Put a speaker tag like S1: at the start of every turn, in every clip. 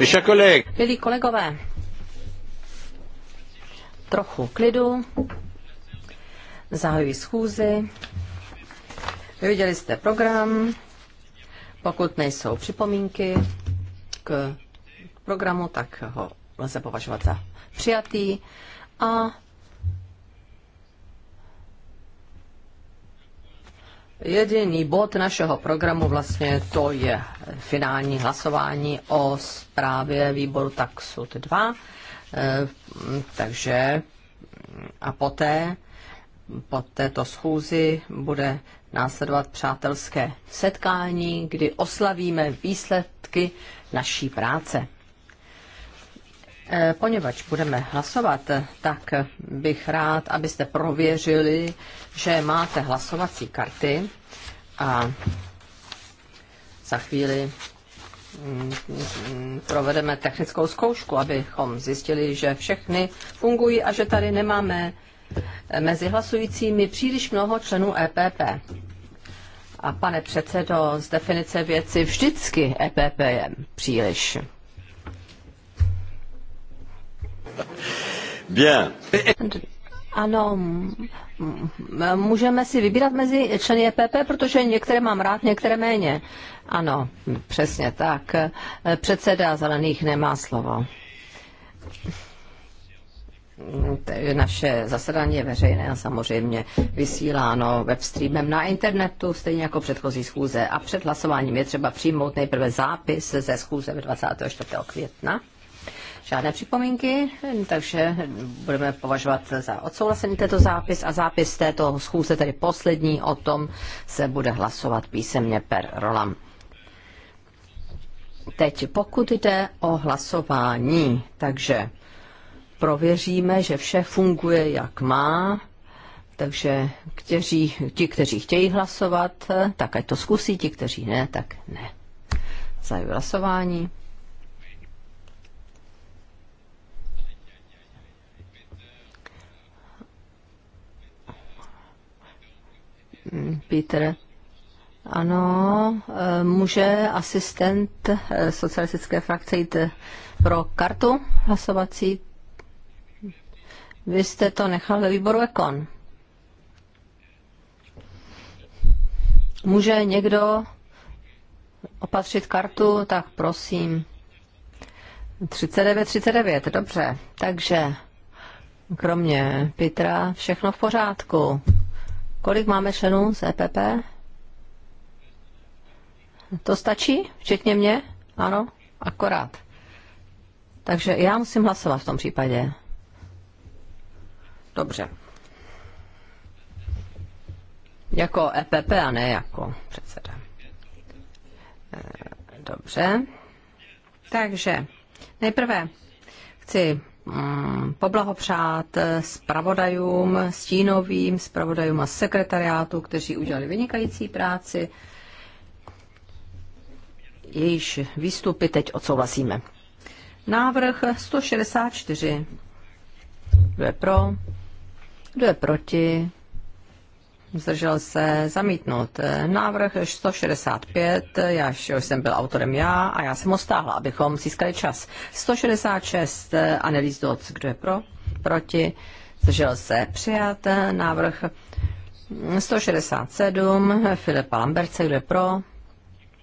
S1: Jako Milí kolegové, trochu klidu, zahajuji schůzi. Viděli jste program. Pokud nejsou připomínky k programu, tak ho lze považovat za přijatý. A Jediný bod našeho programu vlastně to je finální hlasování o zprávě výboru Taxud 2. Eh, takže a poté po této schůzi bude následovat přátelské setkání, kdy oslavíme výsledky naší práce. Eh, poněvadž budeme hlasovat, tak bych rád, abyste prověřili, že máte hlasovací karty a za chvíli mm, mm, provedeme technickou zkoušku, abychom zjistili, že všechny fungují a že tady nemáme eh, mezi hlasujícími příliš mnoho členů EPP. A pane předsedo, z definice věci vždycky EPP je příliš. Bien. Ano, můžeme si vybírat mezi členy EPP, protože některé mám rád, některé méně. Ano, přesně tak. Předseda zelených nemá slovo. Naše zasedání je veřejné a samozřejmě vysíláno webstreamem na internetu, stejně jako předchozí schůze. A před hlasováním je třeba přijmout nejprve zápis ze schůze 24. května žádné připomínky, takže budeme považovat za odsouhlasený tento zápis a zápis této schůze, tedy poslední, o tom se bude hlasovat písemně per rolam. Teď pokud jde o hlasování, takže prověříme, že vše funguje, jak má, takže kteří, ti, kteří chtějí hlasovat, tak ať to zkusí, ti, kteří ne, tak ne. Zajímavé hlasování. Peter. Ano, eh, může asistent eh, socialistické frakce jít eh, pro kartu hlasovací? Vy jste to nechal ve výboru Ekon. Může někdo opatřit kartu? Tak prosím. 39, 39, dobře. Takže kromě Petra všechno v pořádku. Kolik máme členů z EPP? To stačí? Včetně mě? Ano? Akorát. Takže já musím hlasovat v tom případě. Dobře. Jako EPP a ne jako předseda. E, dobře. Takže nejprve chci Mm, poblahopřát spravodajům, eh, stínovým spravodajům a sekretariátu, kteří udělali vynikající práci. Jejíž výstupy teď odsouhlasíme. Návrh 164. Kdo je pro? Kdo je proti? zdržel se zamítnout. Návrh 165, já jsem byl autorem já a já jsem ho stáhla, abychom získali čas. 166, Annelies Doc, kdo je pro? Proti, zdržel se přijat. Návrh 167, Filipa Lamberce, kdo je pro?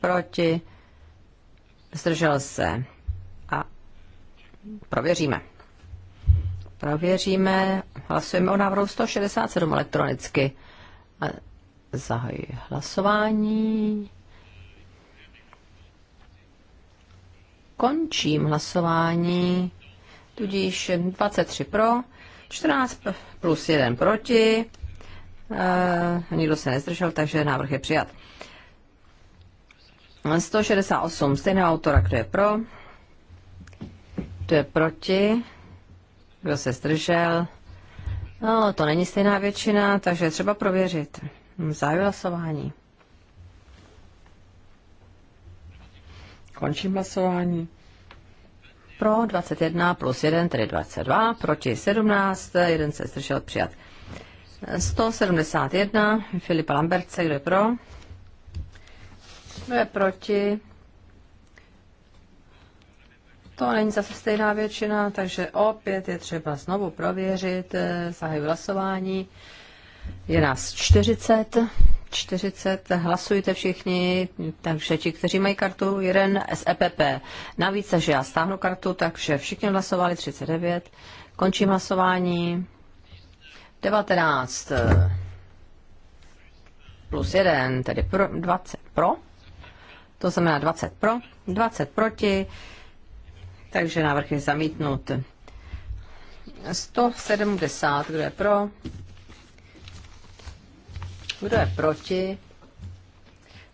S1: Proti, zdržel se a prověříme. Prověříme. Hlasujeme o návrhu 167 elektronicky. A zahajuji hlasování. Končím hlasování. Tudíž 23 pro, 14 plus 1 proti. E, nikdo se nezdržel, takže návrh je přijat. 168 stejné autora, kdo je pro, kdo je proti, kdo se zdržel, No, to není stejná většina, takže třeba prověřit. Zájem hlasování. Končím hlasování. Pro 21 plus 1, tedy 22, proti 17, jeden se zdržel přijat. 171, Filipa Lamberce, kdo je pro? Kdo je proti? To není zase stejná většina, takže opět je třeba znovu prověřit, eh, zahajuji hlasování. Je nás 40, 40, hlasujte všichni, takže ti, kteří mají kartu, jeden SEPP. Navíc, že já stáhnu kartu, takže všichni hlasovali 39. Končím hlasování. 19 eh, plus 1, tedy pro, 20 pro. To znamená 20 pro, 20 proti. Takže návrh je zamítnut. 170, kdo je pro? Kdo je proti?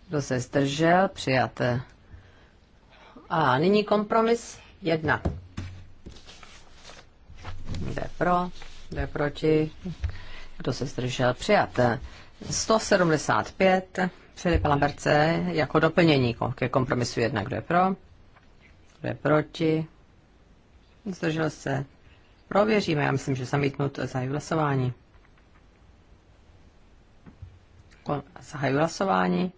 S1: Kdo se zdržel? Přijaté. A nyní kompromis 1. Kdo je pro? Kdo je proti? Kdo se zdržel? Přijaté. 175. Filipa Lamberce jako doplnění ke kompromisu 1. Kdo je pro? kdo je proti, zdržel se, prověříme, já myslím, že zamítnut zahajuji hlasování. Zahajuji hlasování.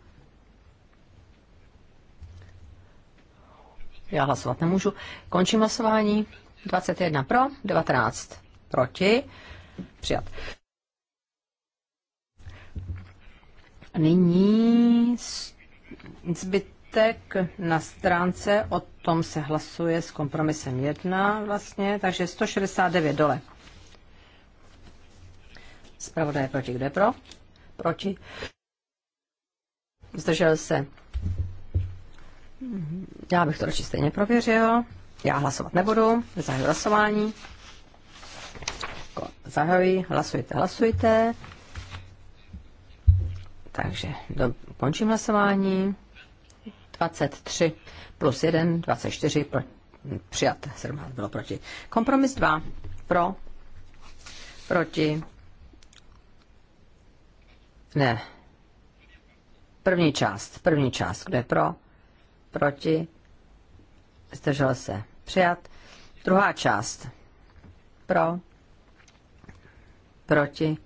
S1: Já hlasovat nemůžu. Končím hlasování. 21 pro, 19 proti. Přijat. Nyní zbytek na stránce od tom se hlasuje s kompromisem 1 vlastně, takže 169 dole. Zpravodaj proti, kde pro? Proti. Zdržel se. Já bych to radši stejně prověřil. Já hlasovat nebudu. Zahajuji hlasování. Zahajuji, hlasujte, hlasujte. Takže do, končím hlasování. 23 plus 1, 24 pro, přijat, 17 bylo proti. Kompromis 2 pro, proti, ne, první část, první část, kde pro, proti, zdržel se, přijat. Druhá část, pro, proti,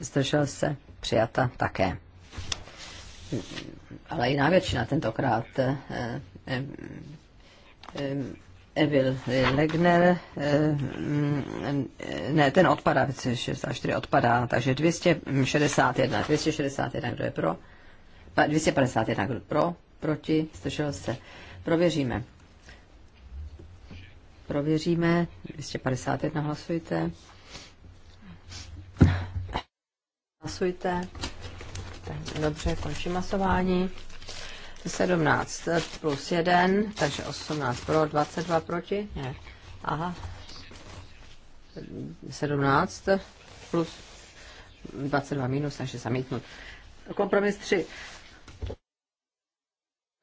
S1: zdržel se, přijata také ale jiná většina tentokrát. Eh, eh, eh, Evil Legner, mm, ne, ten odpadá, 64 odpadá, takže 261, 261, kdo je pro? 251, kdo je pro? Proti? Zdržel se. Prověříme. Prověříme, 251 hlasujte. Hlasujte. Dobře, končím masování. 17 plus 1, takže 18 pro, 22 proti. Ne. Aha. 17 plus 22 minus, takže zamítnut. Kompromis 3.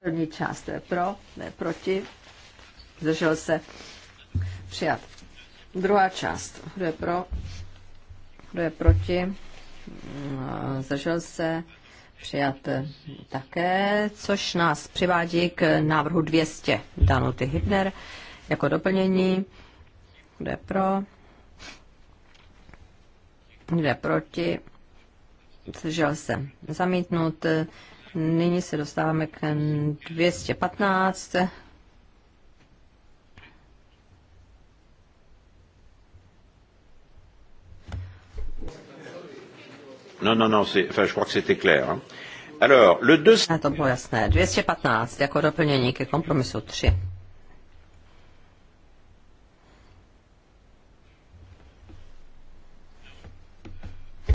S1: První část to je pro, ne proti. Zdržel se. Přijat. Druhá část. Kdo je pro? Kdo je proti? Zdržel se přijat také, což nás přivádí k návrhu 200 Danuty Hybner jako doplnění. Kde pro? Kde proti? Zdržel se zamítnut. Nyní se dostáváme k 215.
S2: No, enfin, je crois que c'était clair. Hein. Alors, le 2...
S1: to bylo jasné. 215 jako doplnění ke kompromisu 3.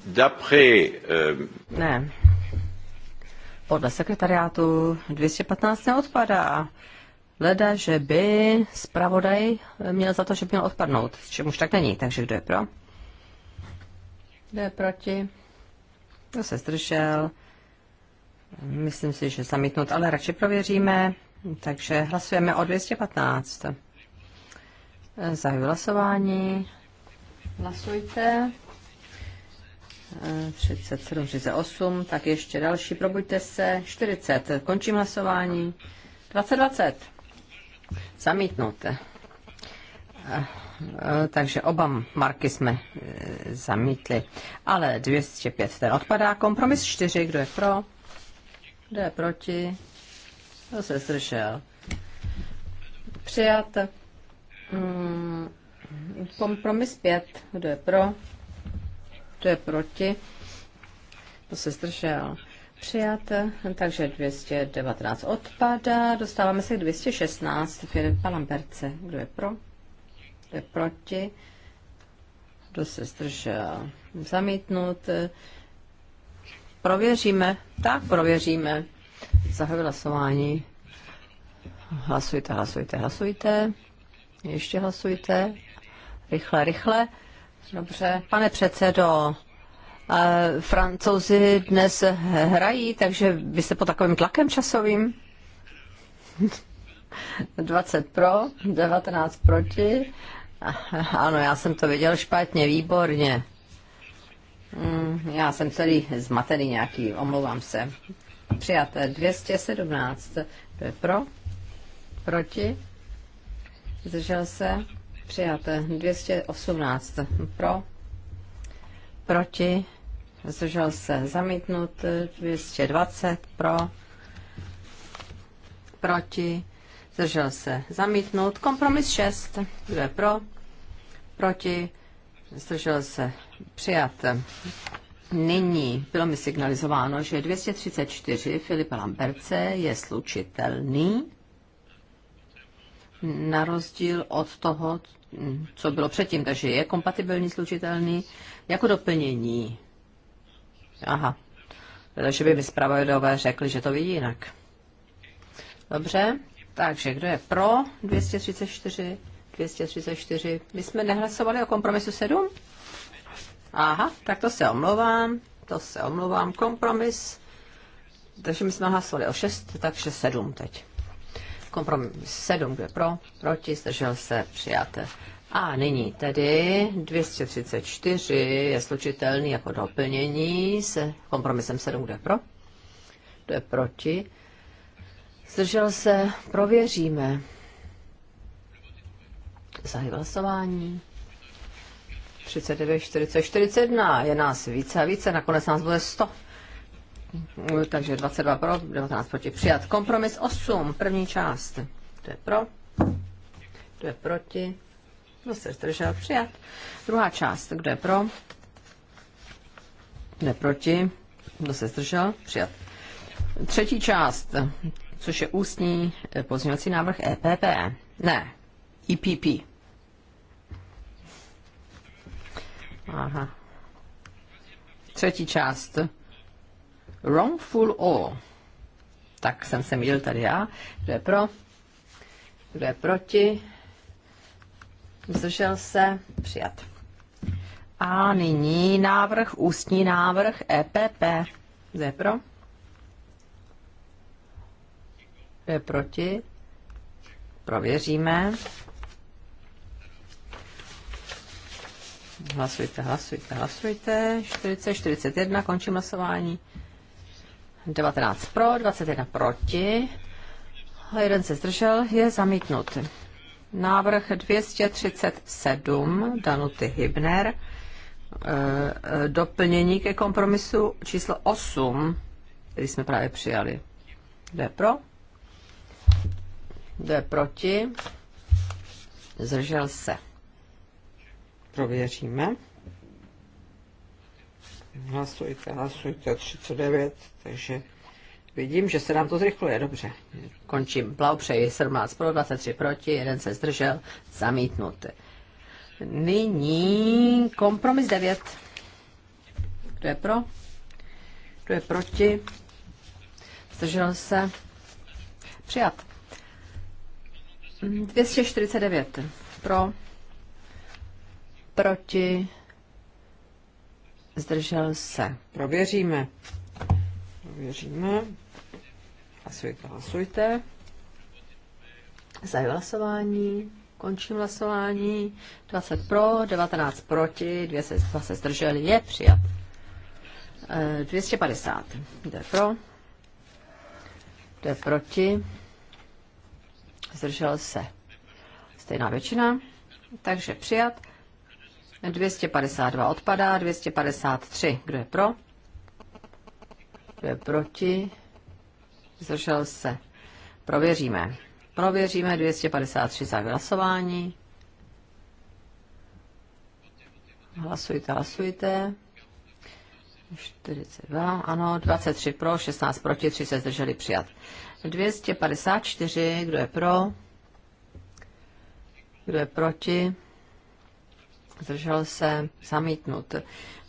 S2: D'après... Euh... Ne.
S1: Podle sekretariátu 215 neodpadá. Leda, že by zpravodaj měl za to, že by měl odpadnout, čemuž tak není. Takže kdo je pro? Kdo je proti? To se zdržel? Myslím si, že zamítnout, ale radši prověříme. Takže hlasujeme o 215. Zahajuji hlasování. Hlasujte. 37, 38, tak ještě další, probuďte se, 40, končím hlasování, 2020, zamítnout. Eh, takže oba marky jsme eh, zamítli. Ale 205 ten odpadá. Kompromis 4, kdo je pro? Kdo je proti? Kdo se zdržel? Přijat. Mm, kompromis 5, kdo je pro? Kdo je proti? Kdo se zdržel? Přijat, takže 219 odpadá. Dostáváme se k 216 Filipa Lamberce. Kdo je pro? je proti? Kdo se zdržel? Zamítnut. Prověříme. Tak, prověříme. Zahajuji hlasování. Hlasujte, hlasujte, hlasujte. Ještě hlasujte. Rychle, rychle. Dobře. Pane předsedo, eh, francouzi dnes hrají, takže vy jste pod takovým tlakem časovým? 20 pro, 19 proti, Ano, já jsem to viděl špatně, výborně. Mm, já jsem celý zmatený nějaký, omlouvám se. Přijaté 217. To je pro? Proti? Zdržel se? Přijaté 218. Pro? Proti? Zdržel se? Zamítnut 220. Pro? Proti? Zdržel se? Zamítnut. Kompromis 6. Kdo je pro? proti, zdržel se, přijat. Nyní bylo mi signalizováno, že 234 Filipa Lamberce je slučitelný, na rozdíl od toho, co bylo předtím, takže je kompatibilní, slučitelný, jako doplnění. Aha, Protože by mi zpravodajové řekli, že to vidí jinak. Dobře, takže kdo je pro 234? 234. My jsme nehlasovali o kompromisu 7? Aha, tak to se omlouvám. To se omlouvám. Kompromis. Takže my jsme hlasovali o 6, takže 7 teď. Kompromis 7, kde pro, proti, zdržel se, přijaté. A nyní tedy 234 je slučitelný jako doplnění s kompromisem 7, kde pro, kde proti. Zdržel se, prověříme. Zahy hlasování. 39, 40, 41. Je nás více a více, nakonec nás bude 100. Takže 22 pro, 19 proti. Přijat kompromis 8, první část. To je pro, to je proti, kdo se zdržel, přijat. Druhá část, kdo je pro, kdo je proti, kdo se zdržel, přijat. Třetí část, což je ústní eh, pozměňovací návrh EPP. Ne, EPP. Aha. Třetí část. Wrongful all. Tak jsem se mýlil tady já. Kdo je pro? Kdo je proti? Zdržel se? Přijat. A nyní návrh, ústní návrh EPP. Kdo je pro? Kdo je proti? Prověříme. Hlasujte, hlasujte, hlasujte. 40, 41, končím hlasování. 19 pro, 21 proti. Jeden se zdržel, je zamítnut. Návrh 237 Danuty Hybner. Eh, eh, doplnění ke kompromisu číslo 8, který jsme právě přijali. Jde pro? Jde proti? Zdržel se. Prověříme. Hlasujte, hlasujte 39, takže vidím, že se nám to zrychluje, dobře. Končím, blahopřeji, 17 pro, 23 proti, jeden se zdržel, zamítnut. Nyní kompromis 9. Kdo je pro? Kdo je proti? Zdržel se? Přijat. 249 pro, proti, zdržel se. Prověříme. Prověříme. Hlasujte, hlasujte. Zajím hlasování. Končím hlasování. 20 pro, 19 proti, 2 se, zdrželi. Je přijat. E, eh, 250. Kdo je pro? Kdo je proti? Zdržel se. Stejná většina. Takže přijat. 252 odpadá, 253. Kdo je pro? Kdo je proti? Zdržel se. Prověříme. Prověříme 253 za hlasování. Hlasujte, hlasujte. 42, ano, 23 pro, 16 proti, 3 se zdrželi přijat. 254, kdo je pro? Kdo je proti? zdržel se, zamítnut.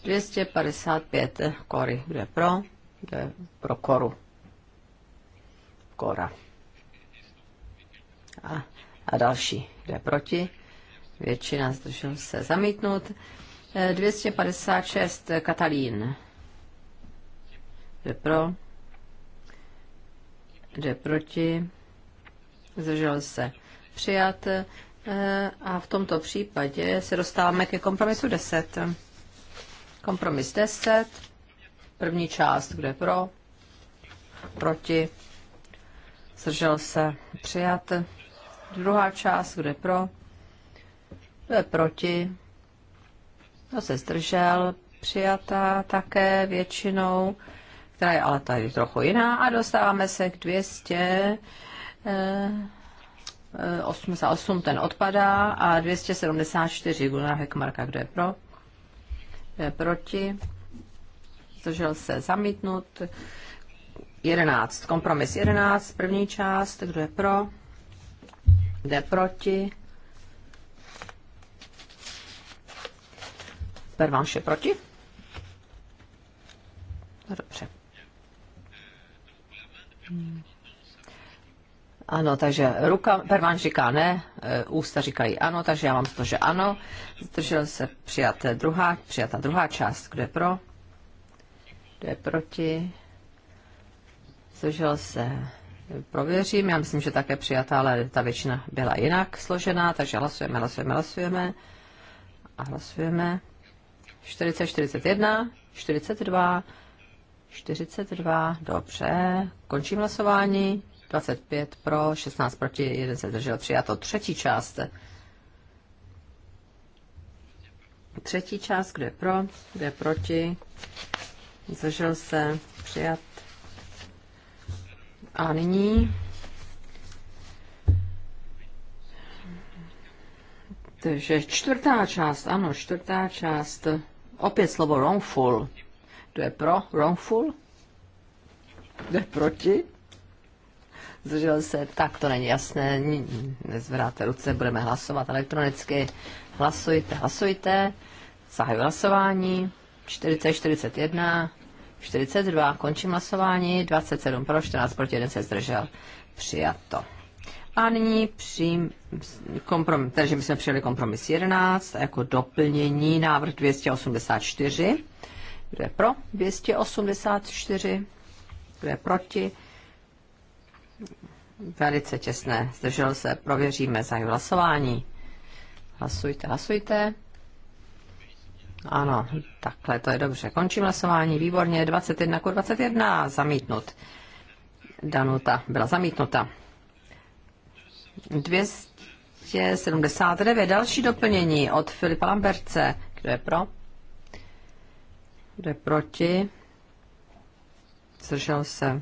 S1: 255 kory, kdo je pro, kdo je pro koru. Kora. A, a další, kdo je proti, většina zdržel se, zamítnut. 256 Katalín. je pro. je proti. Zdržel se. Přijat. Eh, a v tomto případě se dostáváme ke kompromisu 10. Kompromis 10, první část, kde pro, proti, zdržel se, přijat. Druhá část, kde pro, kde proti, kdo se zdržel, přijata také většinou, která je ale tady trochu jiná. A dostáváme se k 200. 88 ten odpadá a 274 Gunnar Hekmarka, kdo je pro? Kdo je proti? Zdržel se zamítnut. 11. Kompromis 11, první část, kdo je pro? Kdo je proti? Pervanš je proti? No, dobře. Hmm. Ano, takže ruka, Perman říká ne, e, ústa říkají ano, takže já mám to, že ano. Zdržel se přijat druhá, přijata druhá část, kde pro, kde proti. Zdržel se prověřím, já myslím, že také přijatá, ale ta většina byla jinak složená, takže hlasujeme, hlasujeme, hlasujeme. A hlasujeme. 40, 41, 42, 42, dobře, končím hlasování. 25 pro, 16 proti, 1 se A to Třetí část. Třetí část, kde pro, kde proti, zdržel se, přijat. A nyní Takže čtvrtá část, ano, čtvrtá část, opět slovo wrongful. To je pro wrongful? Kdo je proti? zdržel se, tak to není jasné, nezvedáte ruce, budeme hlasovat elektronicky. Hlasujte, hlasujte, zahajuji hlasování, 40, 41, 42, končím hlasování, 27 pro, 14 proti, 1 se zdržel, přijato. A nyní přijím kompromis, takže my jsme přijeli kompromis 11 jako doplnění návrh 284. Kdo je pro 284? Kdo je proti? Velice těsné. Zdržel se. Prověříme za hlasování. Hlasujte, hlasujte. Ano, takhle to je dobře. Končím hlasování. Výborně. 21 k 21. Zamítnut. Danuta byla zamítnuta. 279. Další doplnění od Filipa Lamberce. Kdo je pro? Kdo je proti? Zdržel se.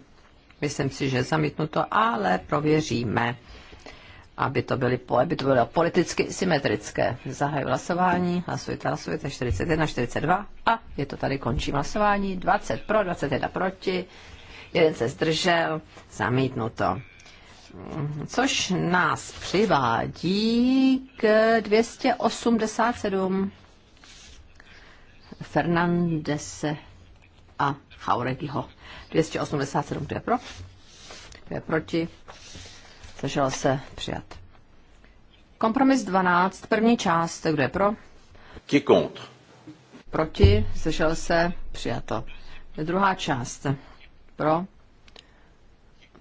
S1: Myslím si, že zamítnuto, ale prověříme, aby to, byly, aby to bylo politicky symetrické. Zahajuji hlasování, hlasujte, hlasujte, 41, 42 a je to tady, končím hlasování, 20 pro, 21 proti, jeden se zdržel, zamítnuto. Což nás přivádí k 287 Fernandese a Chauregiho. 287, kdo je pro? Kdo je proti? Zdržel se přijat. Kompromis 12, první část, kdo je pro? Qui contre? Proti, zdržel se, přijato. Druhá část, pro,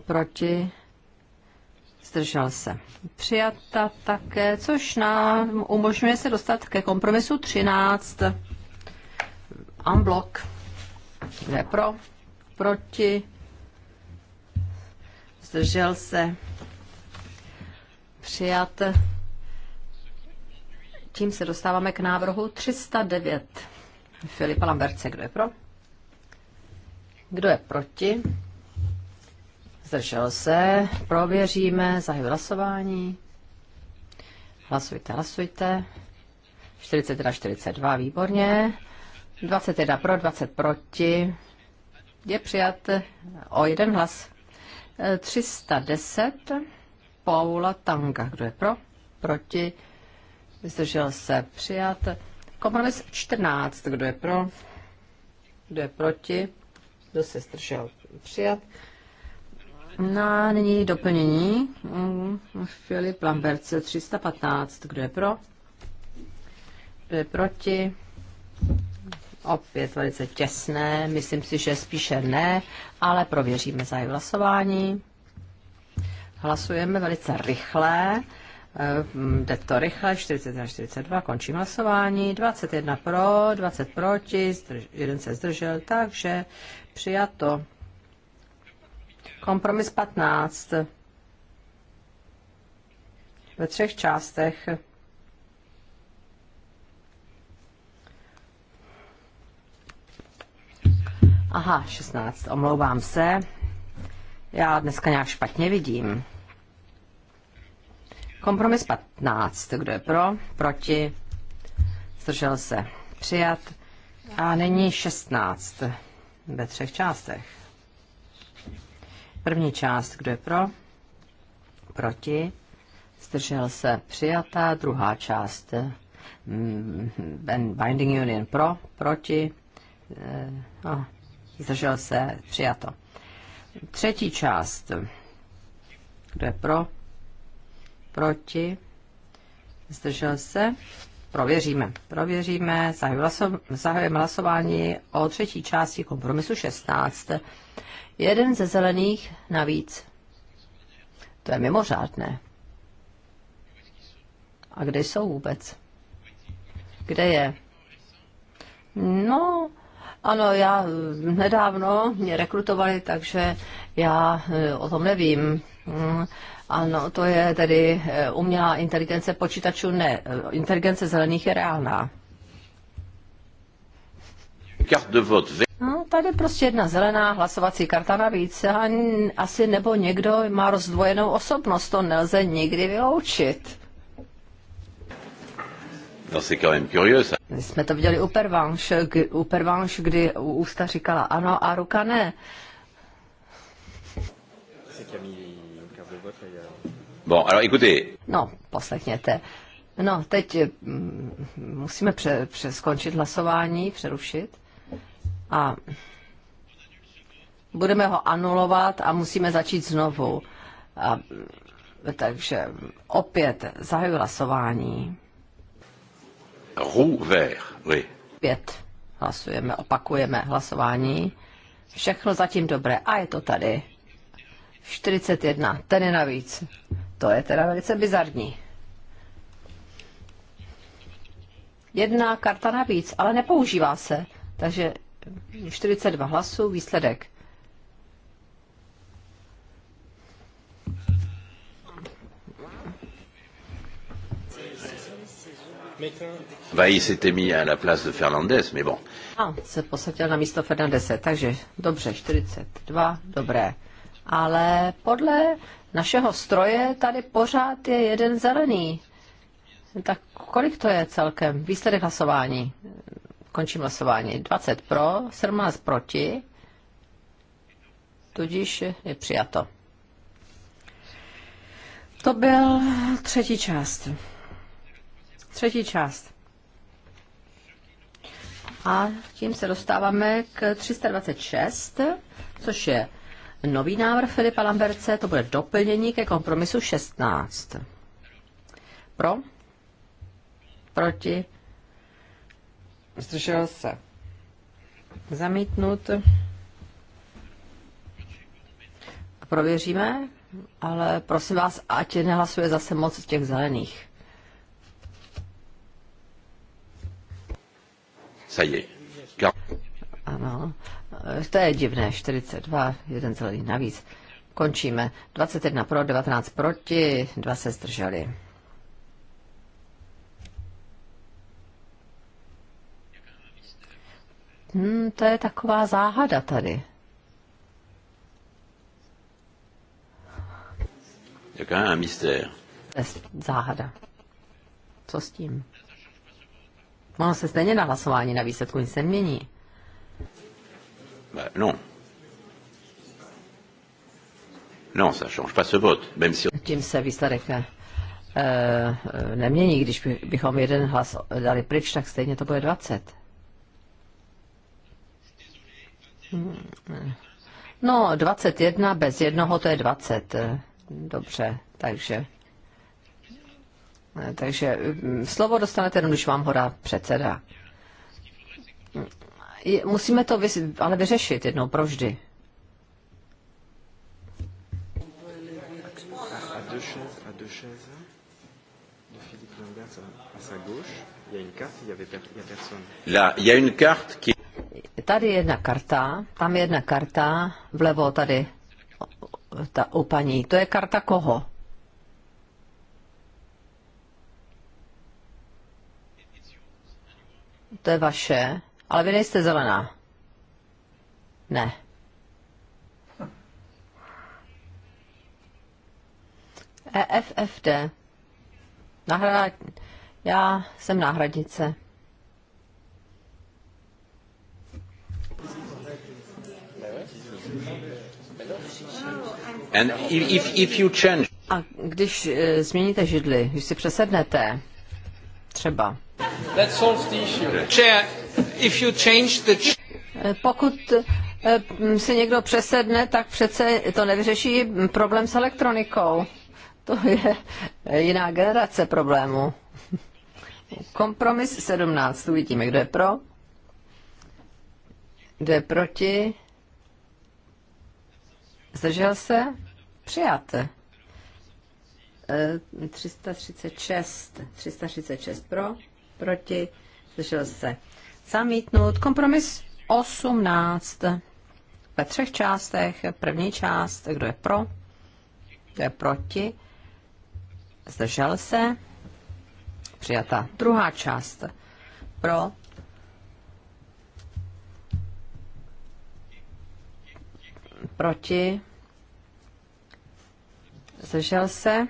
S1: proti, zdržel se. Přijata také, což nám umožňuje se dostat ke kompromisu 13. Unblock. Kdo je pro? Proti? Zdržel se? Přijat. Tím se dostáváme k návrhu 309. Filipa Lamberce, kdo je pro? Kdo je proti? Zdržel se. Prověříme. Zahajuji hlasování. Hlasujte, hlasujte. 41, 42, výborně. 21 pro, 20 proti. Je přijat o jeden hlas. 310 Paula Tanga. Kdo je pro? Proti. Zdržel se přijat. Kompromis 14. Kdo je pro? Kdo je proti? Kdo se zdržel přijat? No a nyní doplnění. Mm, Filip Lambert 315. Kdo je pro? Kdo je proti? opět velice těsné, myslím si, že spíše ne, ale prověříme za hlasování. Hlasujeme velice rychle, eh, jde to rychle, 41 42, končím hlasování, 21 pro, 20 proti, jeden se zdržel, takže přijato. Kompromis 15 ve třech částech. Aha, 16, omlouvám se. Já dneska nějak špatně vidím. Kompromis 15. Kdo je pro? Proti? Zdržel se. Přijat. A nyní 16 ve třech částech. První část, kdo je pro? Proti. Zdržel se. Přijatá. Druhá část. Mm, Binding Union pro, proti. Eh, no, zdržel se, přijato. Třetí část, kdo je pro, proti, zdržel se, prověříme. Prověříme, zahajujeme hlasování o třetí části kompromisu 16. Jeden ze zelených navíc. To je mimořádné. A kde jsou vůbec? Kde je? No, ano, já eh, nedávno mě rekrutovali, takže já eh, o tom nevím. Mm, ano, to je tedy eh, umělá inteligence počítačů, ne. Inteligence zelených je reálná. No, tady prostě jedna zelená hlasovací karta navíc. A asi nebo někdo má rozdvojenou osobnost, to nelze nikdy vyloučit.
S2: No, c'est quand même curieux, ça. My
S1: jsme to viděli u Pervanche, u Pervanche, kdy ústa říkala ano a ruka ne.
S2: Bon, alors écoutez.
S1: No, poslechněte. No, teď mm, musíme pře- přeskončit hlasování, přerušit. A budeme ho anulovat a musíme začít znovu. A, takže opět zahajuji hlasování.
S2: Rouvert, oui.
S1: Pět. Hlasujeme, opakujeme hlasování. Všechno zatím dobré. A je to tady. 41. Ten je navíc. To je teda velice bizarní. Jedna karta navíc, ale nepoužívá se. Takže 42 hlasů, výsledek
S2: Vají s'était mis à la place de Fernandez, mais bon.
S1: A se posadil na místo Fernandese, takže dobře, 42, dobré. Ale podle našeho stroje tady pořád je jeden zelený. Tak kolik to je celkem? Výsledek hlasování. Končím hlasování. 20 pro, 17 proti, tudíž je přijato. To byl třetí část. Třetí část. A tím se dostáváme k 326, což je nový návrh Filipa Lamberce, to bude doplnění ke kompromisu 16. Pro? Proti? Zdržel se. Zamítnut. Prověříme, ale prosím vás, ať nehlasuje zase moc těch zelených. Ça y Ano, to je divné, 42, jeden celý navíc. Končíme. 21 pro, 19 proti, dva se zdrželi. Hmm, to je taková záhada tady.
S2: Jak un mystère.
S1: Záhada. Co s tím? Ono se stejně na hlasování na výsledku nic nemění.
S2: No. No, ça change pas ce vote, même si...
S1: Tím se výsledek ne, eh, e, eh, nemění. Když bychom jeden hlas dali pryč, tak stejně to bude 20. Hmm. No, 21 bez jednoho, to je 20. Eh, dobře, takže takže mm, slovo dostanete jenom, když vám ho dá předseda. Musíme to ale vyřešit jednou provždy. Tady je jedna karta, tam je jedna karta, vlevo tady ta, u paní. To je karta koho? to je vaše, ale vy nejste zelená. Ne. EFFD. Nahrad... Já jsem náhradnice. A když eh, změníte židli, když si přesednete, třeba. Eh, pokud eh, se někdo přesedne, tak přece to nevyřeší problém s elektronikou. To je jiná generace problému. Kompromis 17. Uvidíme, kdo je pro. Kdo je proti? Zdržel se? Přijáte. 336, eh, 336 pro, proti, zdržel se zamítnut. Kompromis 18 ve třech částech. První část, kdo je pro, kdo je proti, zdržel se, přijata. Druhá část, pro, proti, zdržel se,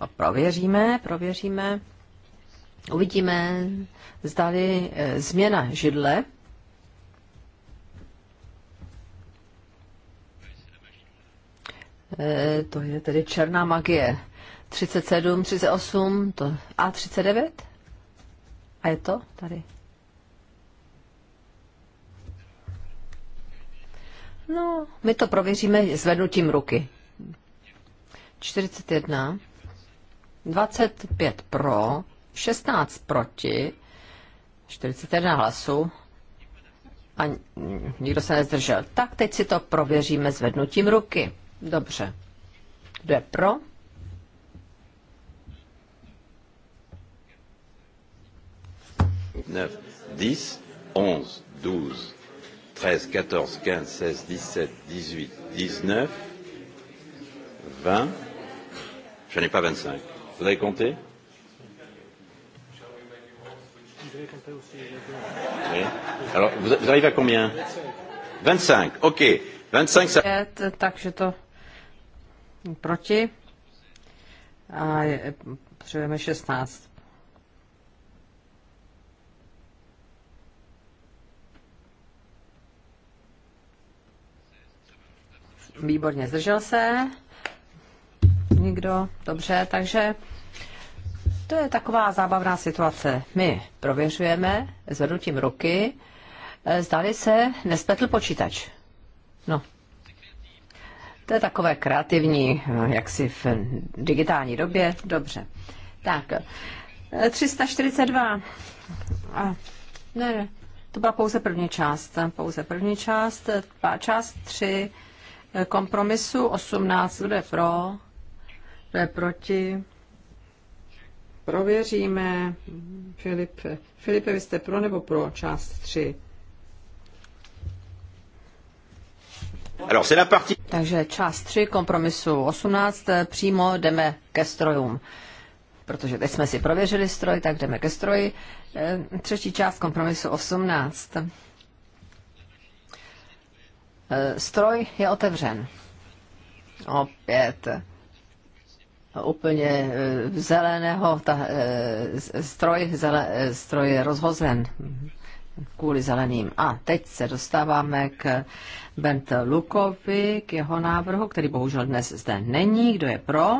S1: a prověříme, prověříme, uvidíme, zdali e, změna židle E, to je tedy černá magie. 37, 38, to a 39? A je to tady? No, my to prověříme zvednutím ruky. 41. 25 pro, 16 proti, 41 hlasů a nikdo se nezdržel. Tak teď si to prověříme zvednutím ruky. Dobře. Kdo je pro?
S2: Neuf, 10, 11, 12, 13, 14, 15, 16, 17, 18, 19, 20. Je n'ai 25. Vous avez compté oui. Alors, vous, vous arrivez à combien 25, ok. 25, ça...
S1: Takže to proti. A je, potřebujeme 16. Výborně, zdržel se. Nikdo? Dobře, takže to je taková zábavná situace. My prověřujeme zvednutím ruky, eh, zdali se nespletl počítač. No. To je takové kreativní, eh, jaksi v digitální době. Dobře. Tak, 342. Eh, A, ne, ne, to byla pouze první část. Pouze první část, část 3 kompromisu 18, kdo je pro, kdo je proti? Prověříme. Filipe, Filipe, vy jste pro nebo pro část 3? Takže část 3 kompromisu 18 eh, přímo jdeme ke strojům. Protože teď jsme si prověřili stroj, tak jdeme ke stroji. Eh, třetí část kompromisu 18. Eh, stroj je otevřen. Opět úplně eh, zeleného, ta, eh, stroj, zele, eh, stroj je rozhozen kvůli zeleným. A teď se dostáváme k Bent Lukovi, k jeho návrhu, který bohužel dnes zde není. Kdo je pro?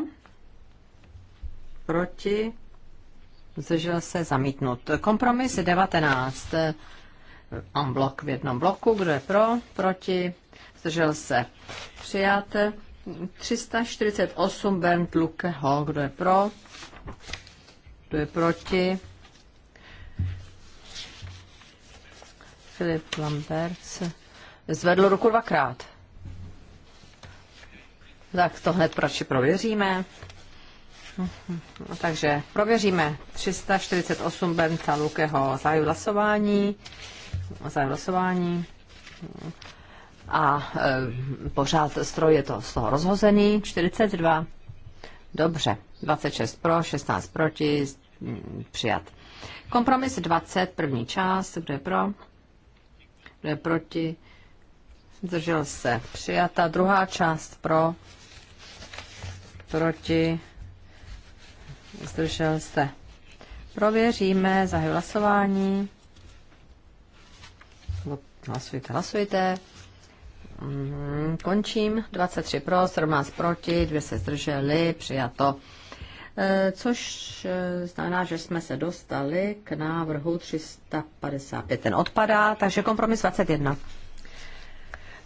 S1: Proti? Zdržel se zamítnut. Kompromis 19. Unblock v jednom bloku. Kdo je pro? Proti? Zdržel se přijat. 348 Bernd Lukeho. Kdo je pro? Kdo je proti? Filip Lamberts zvedl ruku dvakrát. Tak to hned proči prověříme. No, takže prověříme 348 Benta Lukeho zájem hlasování. Zájem hlasování a eh, pořád stroj je to z toho rozhozený, 42. Dobře, 26 pro, 16 proti, mm, přijat. Kompromis 20, první část, kdo je pro, kdo je proti, zdržel se, přijata. Druhá část pro, proti, zdržel se. Prověříme, zahy hlasování. Hlasujte, hlasujte. Mhm, končím. 23 pro, 17 proti, 2 se zdrželi, přijato. E, což e, znamená, že jsme se dostali k návrhu 355. Ten odpadá, takže kompromis 21.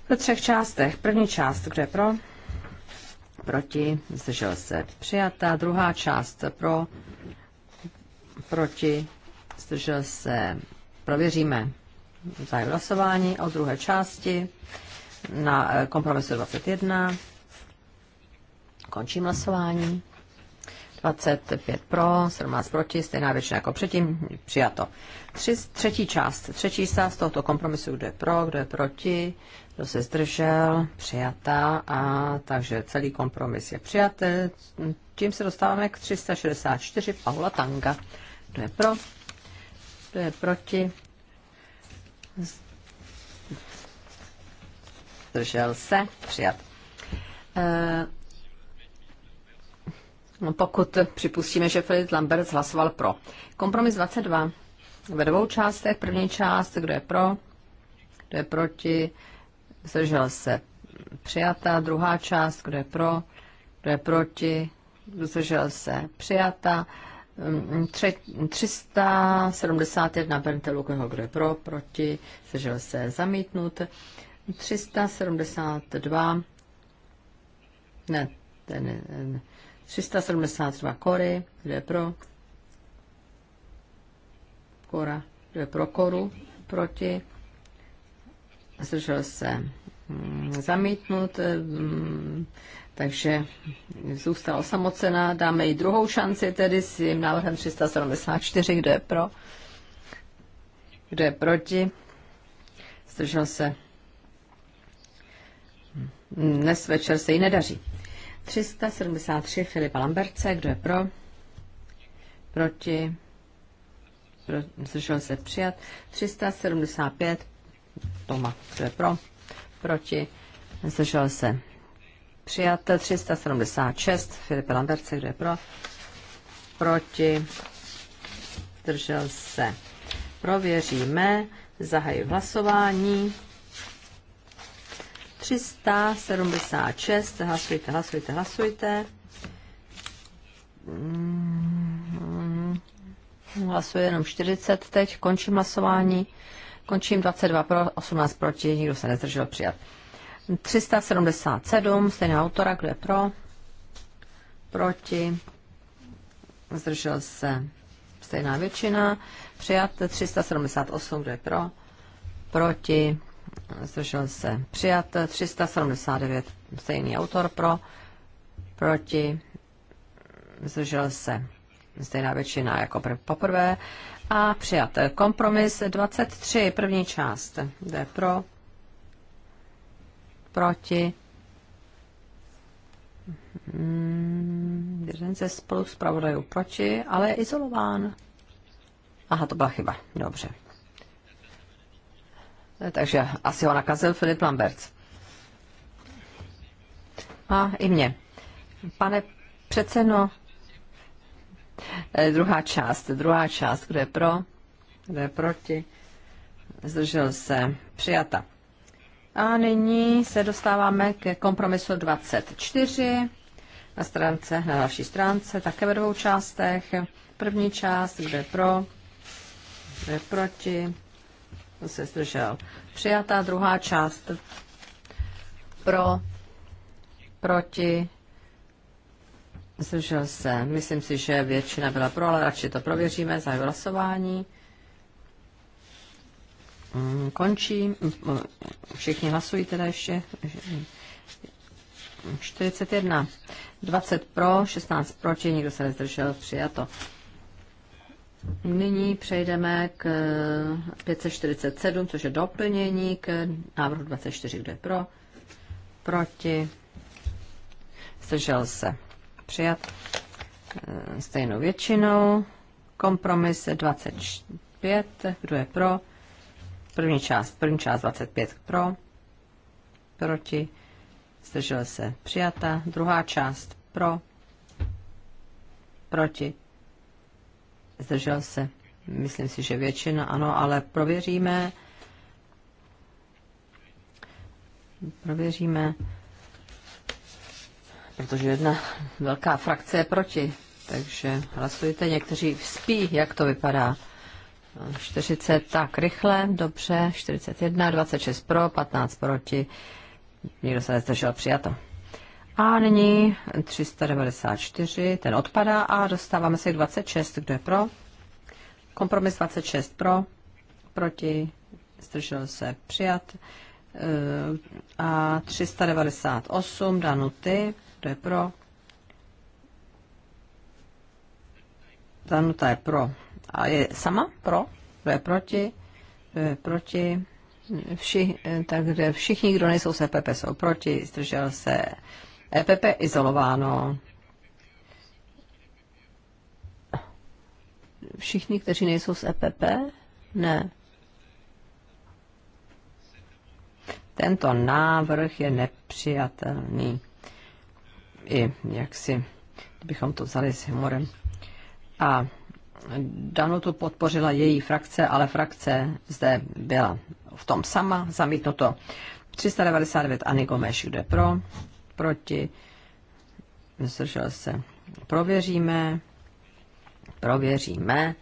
S1: Ve třech částech. První část, kdo je pro? Proti, zdržel se. Přijata. Druhá část pro, proti, zdržel se. Prověříme zájem hlasování o druhé části na eh, kompromisu 21. Končím hlasování. 25 pro, 17 proti, stejná většina jako předtím, přijato. Tři, třetí část, třetí část tohoto kompromisu, kdo je pro, kdo je proti, kdo se zdržel, přijatá a takže celý kompromis je přijat. Tím se dostáváme k 364 Paula Tanga. Kdo je pro, kdo je proti, zdržel se, přijat. Eh, no, pokud připustíme, že Filip Lambert hlasoval pro. Kompromis 22. Ve dvou částech. První část, kdo je pro, kdo je proti, zdržel se, přijata. Druhá část, kdo je pro, kdo je proti, zdržel se, přijata. 371 mm, Bente kdo je pro, proti, zdržel se zamítnut. 372, ne, ten, ten 372 kory, kde je pro, kora, kde je pro koru, proti, zdržel se mm, zamítnut, mm, takže zůstala osamocená. Dáme jí druhou šanci tedy s tím návrhem 374, kde je pro, kde je proti. Zdržel se dnes večer se jí nedaří. 373 Filipa Lamberce, kdo je pro? Proti? Pro, zdržel se přijat. 375 Toma, kdo je pro? Proti? Zdržel se přijat. 376 Filipa Lamberce, kdo je pro? Proti? Zdržel se. Prověříme. Zahajuji hlasování. 376, hlasujte, hlasujte, hlasujte. Mm-hmm. Hlasuje jenom 40 teď, končím hlasování. Končím 22 pro, 18 proti, nikdo se nezdržel přijat. 377, Stejný autora, kdo je pro? Proti, zdržel se stejná většina. Přijat 378, kdo je pro? Proti, zdržel se přijat 379, stejný autor pro, proti, zdržel se stejná většina jako poprvé a přijat kompromis 23, první část, jde pro, proti, Hmm, jeden ze spolu zpravodajů proti, ale je izolován. Aha, to byla chyba. Dobře takže asi ho nakazil Filip Lamberts. A i mě. Pane předseno, eh, druhá část, druhá část, kde je pro, kde je proti, zdržel se, přijata. A nyní se dostáváme ke kompromisu 24 na stránce, na další stránce, také ve dvou částech. První část, kde je pro, kde je proti, se zdržel. Přijatá druhá část pro, proti, zdržel se. Myslím si, že většina byla pro, ale radši to prověříme, za hlasování. Mm, končí. Mm, všichni hlasují teda ještě. 41. 20 pro, 16 proti, nikdo se nezdržel, přijato. Nyní přejdeme k 547, eh, což je doplnění k návrhu 24, kde pro, proti, zdržel se, přijat eh, stejnou většinou, kompromis 25, kdo je pro, první část, první část 25 pro, proti, zdržel se, přijata, druhá část pro, proti, zdržel se. Myslím si, že většina ano, ale prověříme. Prověříme, protože jedna velká frakce je proti, takže hlasujte, někteří spí, jak to vypadá. 40 tak rychle, dobře, 41, 26 pro, 15 proti, Někdo se nezdržel, přijato. A nyní 394, ten odpadá a dostáváme se 26. Kdo je pro? Kompromis 26 pro, proti, zdržel se přijat. Eh, a 398, Danuty, kdo je pro? Danuta je pro. A je sama pro? Kdo je proti? Kdo je proti? Vši, eh, takže všichni, kdo nejsou se PP, jsou proti, zdržel se EPP izolováno. Všichni, kteří nejsou z EPP? Ne. Tento návrh je nepřijatelný. I jak si, kdybychom to vzali s humorem. A Danu tu podpořila její frakce, ale frakce zde byla v tom sama, zamítnuto. 399 Ani Gomeš, kde pro? proti, zdržel se. Prověříme, prověříme.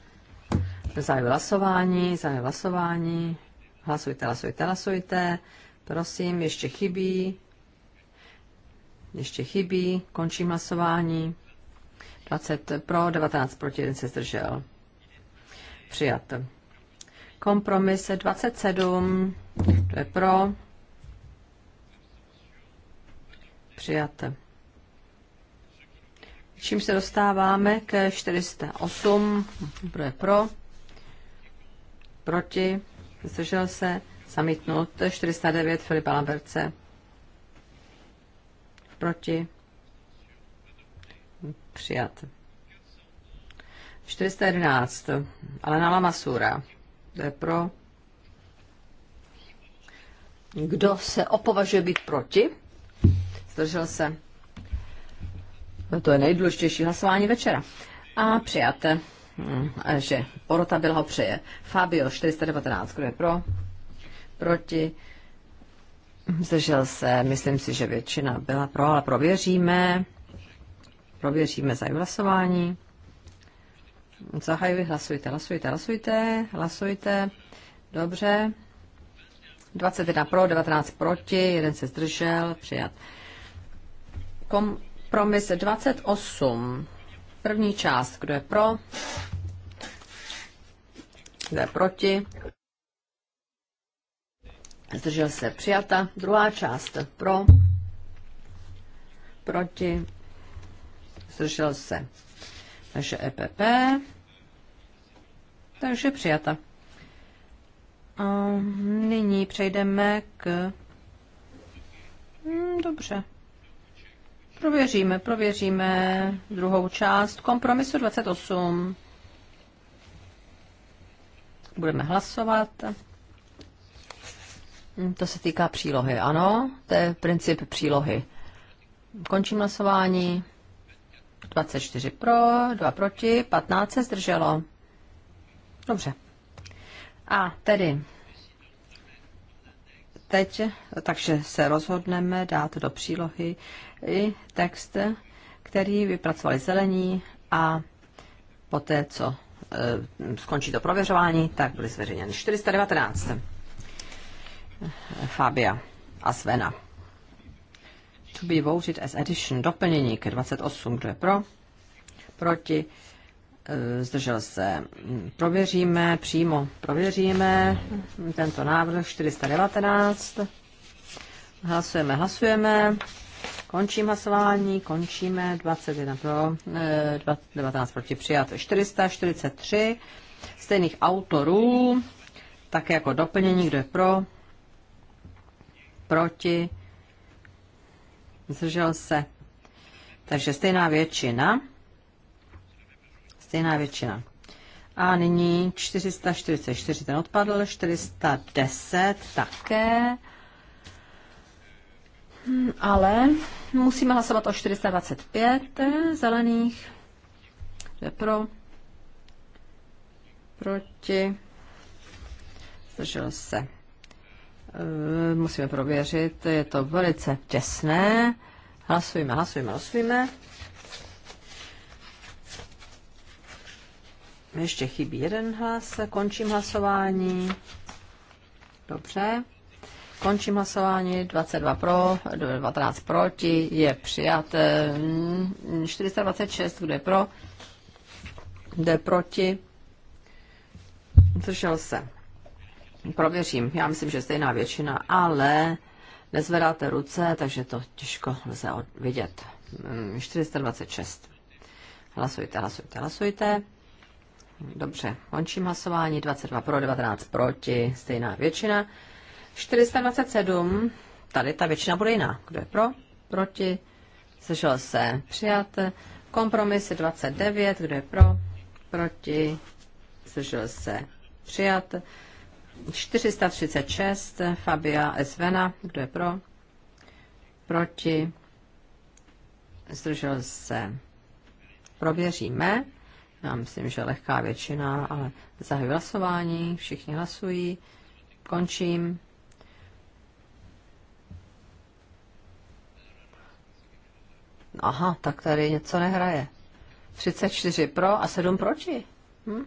S1: Zahajuji hlasování, zahajuji hlasování. Hlasujte, hlasujte, hlasujte. Prosím, ještě chybí. Ještě chybí. Končím hlasování. 20 pro, 19 proti, jeden se zdržel. Přijat. Kompromis 27. To je pro? Přijat. Čím se dostáváme ke 408, kdo je pro, proti, zdržel se, zamítnut, 409 Filipa Lamberce, proti, přijat. 411 Alena Lamasura, kdo je pro, kdo se opovažuje být proti, zdržel se. To je nejdůležitější hlasování večera. A přijate, hm, že porota byla ho přeje. Fabio 419, kdo je pro? Proti? Zdržel se, myslím si, že většina byla pro, ale prověříme. Prověříme za hlasování. Zahajuji, hlasujte, hlasujte, hlasujte, hlasujte. Dobře. 21 pro, 19 proti, jeden se zdržel, přijat. Kompromis 28. První část, kdo je pro, kdo je proti. Zdržel se přijata. Druhá část pro, proti, zdržel se. Takže EPP, takže přijata. A nyní přejdeme k... Hmm, dobře. Prověříme, prověříme druhou část kompromisu 28. Budeme hlasovat. Hm, to se týká přílohy, ano, to je princip přílohy. Končím hlasování. 24 pro, 2 proti, 15 se zdrželo. Dobře. A tedy teď, takže se rozhodneme dát do přílohy i text, který vypracovali zelení a poté, co eh, skončí to prověřování, tak byly zveřejněny 419. Fabia a Svena. To be voted as addition, doplnění ke 28, kdo je pro, proti, eh, zdržel se. Prověříme, přímo prověříme tento návrh 419. Hlasujeme, hlasujeme. Končím hlasování, končíme 21 pro, 19 eh, proti přijat 443 stejných autorů, také jako doplnění, kdo je pro, proti, zdržel se. Takže stejná většina. Stejná většina. A nyní 444 ten odpadl, 410 také. Hm, ale musíme hlasovat o 425 eh, zelených. Je pro? Proti? Zdržel se. Eh, musíme prověřit, je to velice těsné. Hlasujeme, hlasujeme, hlasujeme. Ještě chybí jeden hlas, končím hlasování. Dobře. Končím hlasování. 22 pro, 12 proti. Je přijat 426. Mm, Kdo je pro? Kdo je proti? Zdržel se. Prověřím. Já myslím, že stejná většina, ale nezvedáte ruce, takže to těžko lze vidět. 426. Mm, hlasujte, hlasujte, hlasujte. Dobře, končím hlasování. 22 pro, 19 proti, stejná většina. 427, tady ta většina bude jiná. Kdo je pro? Proti? Sešel se? Přijat. Kompromis 29, kdo je pro? Proti? Sešel se? Přijat. 436, Fabia Svena, kdo je pro? Proti? Zdržel se? Prověříme. Já myslím, že lehká většina, ale zahajuji hlasování, všichni hlasují, končím. Aha, tak tady něco nehraje. 34 pro a 7 proti. Hm?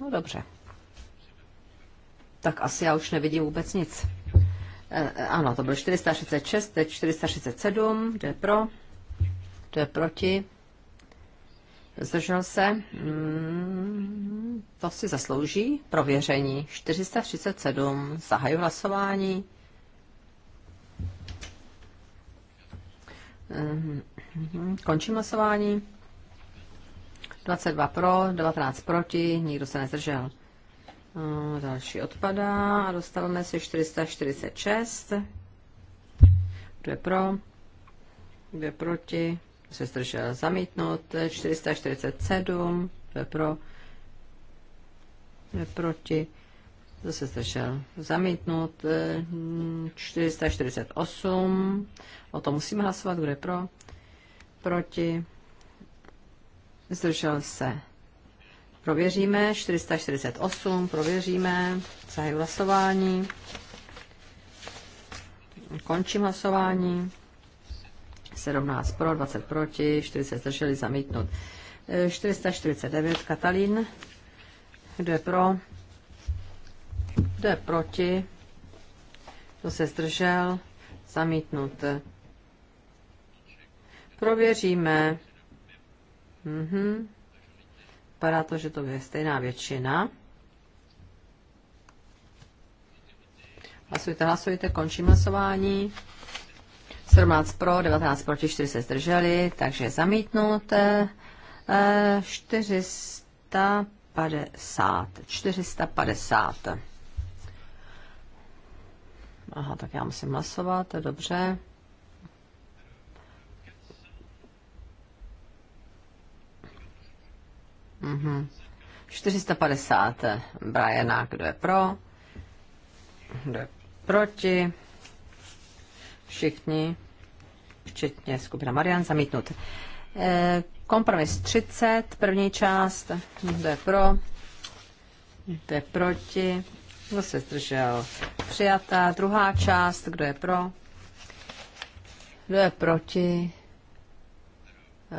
S1: No dobře. Tak asi já už nevidím vůbec nic. E, e ano, to bylo 436, teď 437, jde pro, kdo je proti. Zdržel se. Hmm, to si zaslouží prověření. 437, zahaju hlasování. Mhm. Končím hlasování. 22 pro, 19 proti, nikdo se nezdržel. Další odpadá a dostáváme se 446. Kdo je pro? Kdo je proti? Se zdržel zamítnout. 447. Kdo je pro? Kdo je proti? kdo se zdržel, zamítnut 448, eh, o tom musíme hlasovat, kdo je pro, proti, zdržel se, prověříme, 448, prověříme, Zahaj hlasování, končím hlasování, 17 pro, 20 proti, 40 zdrželi, zamítnut. 449, eh, Katalín, kdo je pro, kdo je proti? Kdo se zdržel? Zamítnut. Prověříme. Mhm. Vypadá to, že to je stejná většina. Hlasujte, hlasujte, končím hlasování. 17 pro, 19 proti, 4 se zdrželi, takže zamítnuté. 450, 450. Aha, tak já musím hlasovat, dobře. Mhm. 450 Briana, kdo je pro, kdo je proti, všichni, včetně skupina Marian, zamítnut. Eh, kompromis 30, první část, kdo je pro, kdo je proti, kdo se zdržel? Přijatá. Druhá část. Kdo je pro? Kdo je proti?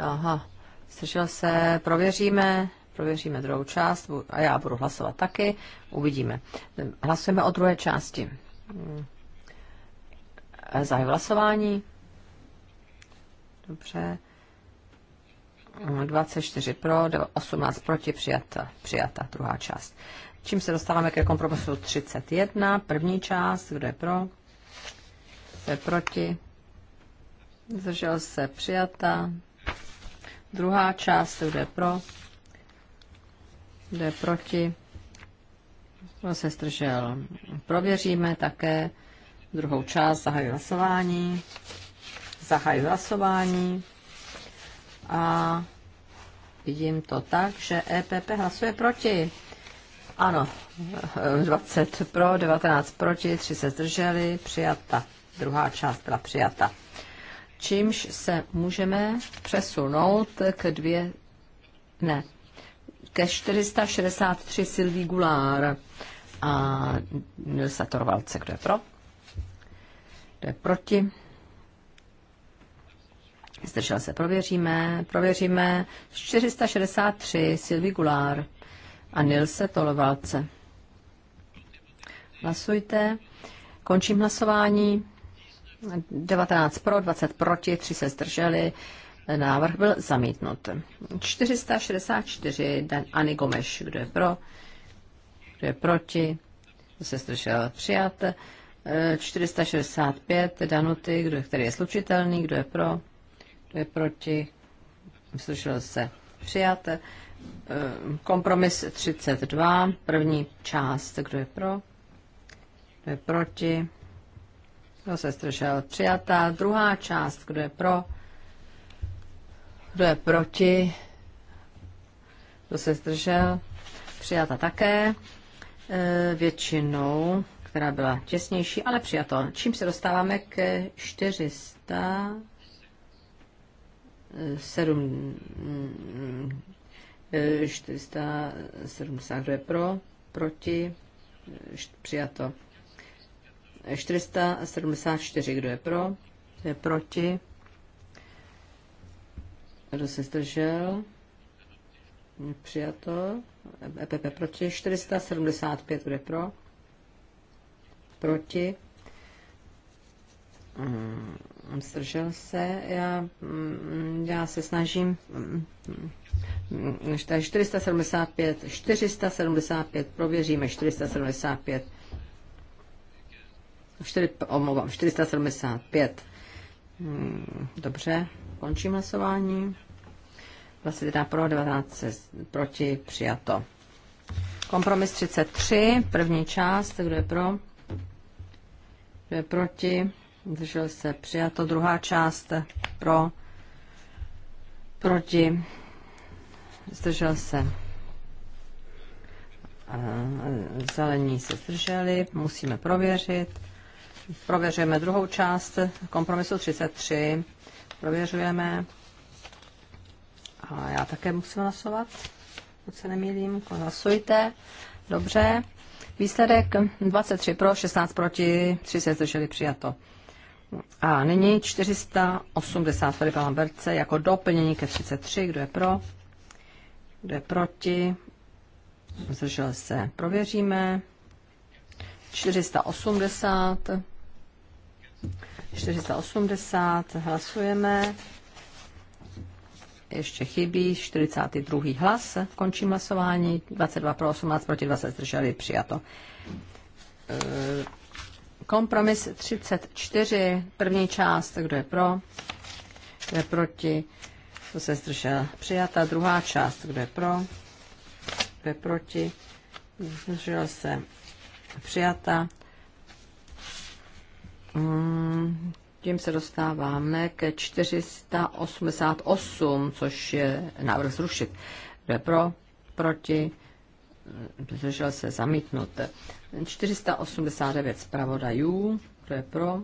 S1: Aha. Zdržel se. Prověříme. Prověříme druhou část a já budu hlasovat taky. Uvidíme. Hlasujeme o druhé části. Hmm. Zahajuji hlasování. Dobře. 24 hmm, pro, 18 proti, přijata, přijata druhá část. Čím se dostáváme ke kompromisu 31, první část, kdo je pro, kdo je proti, zdržel se přijata, druhá část, kdo je pro, kdo je proti, kdo se zdržel. Prověříme také druhou část, zahajuji hlasování, zahajuji hlasování a vidím to tak, že EPP hlasuje proti. Ano, 20 pro, 19 proti, 3 se zdrželi, přijata. Druhá část byla přijata. Čímž se můžeme přesunout k dvě, ne, ke 463 Silví Gulár a Nilsa Torvalce. Kdo je pro? Kdo je proti? Zdržel se, prověříme, prověříme. 463 Silví Gulár a Nilse Tolovalce. Hlasujte. Končím hlasování. 19 pro, 20 proti, 3 se zdrželi. Návrh byl zamítnut. 464 Dan Ani Gomeš, kdo je pro, kdo je proti, kdo se zdržel přijat. 465 Danuty, kdo, který je slučitelný, kdo je pro, kdo je proti, zdržel se přijat. Eh, kompromis 32, první část, kdo je pro, kdo je proti, kdo se zdržel, přijatá, druhá část, kdo je pro, kdo je proti, kdo se zdržel, přijata také eh, většinou, která byla těsnější, ale přijato. Čím se dostáváme k 400 7, 472 je pro, proti, přijato. 474, kdo je pro, kdo je proti, kdo se zdržel, přijato. EPP proti, 475, kdo je pro, proti, mm, zdržel se, já, mm, já se snažím mm, 475, 475, prověříme 475. 4, omlouvám, 475. Hmm, dobře, končím hlasování. 21 pro, 19 proti, přijato. Kompromis 33, první část, kdo je pro? Kdo je proti? Zdržel se, přijato. Druhá část pro, proti zdržel se. Zelení se zdrželi, musíme prověřit. Prověřujeme druhou část kompromisu 33. Prověřujeme. A já také musím hlasovat, pokud se nemýlím. Hlasujte. Dobře. Výsledek 23 pro, 16 proti, 3 se zdrželi přijato. A nyní 480 tady Berce jako doplnění ke 33. Kdo je pro? Kdo je proti? Zdržel se. Prověříme. 480. 480. Hlasujeme. Ještě chybí 42. hlas. Končím hlasování. 22 pro 18 proti 20 zdrželi. Přijato. E, kompromis 34. První část. Kdo je pro? Kdo je proti? se zdržel. Přijata druhá část, kdo je pro, kdo je proti, zdržel se. Přijata. Mm, tím se dostáváme ke 488, což je návrh zrušit. Kdo je pro, proti, zdržel se zamítnut. 489 zpravodajů, kdo je pro,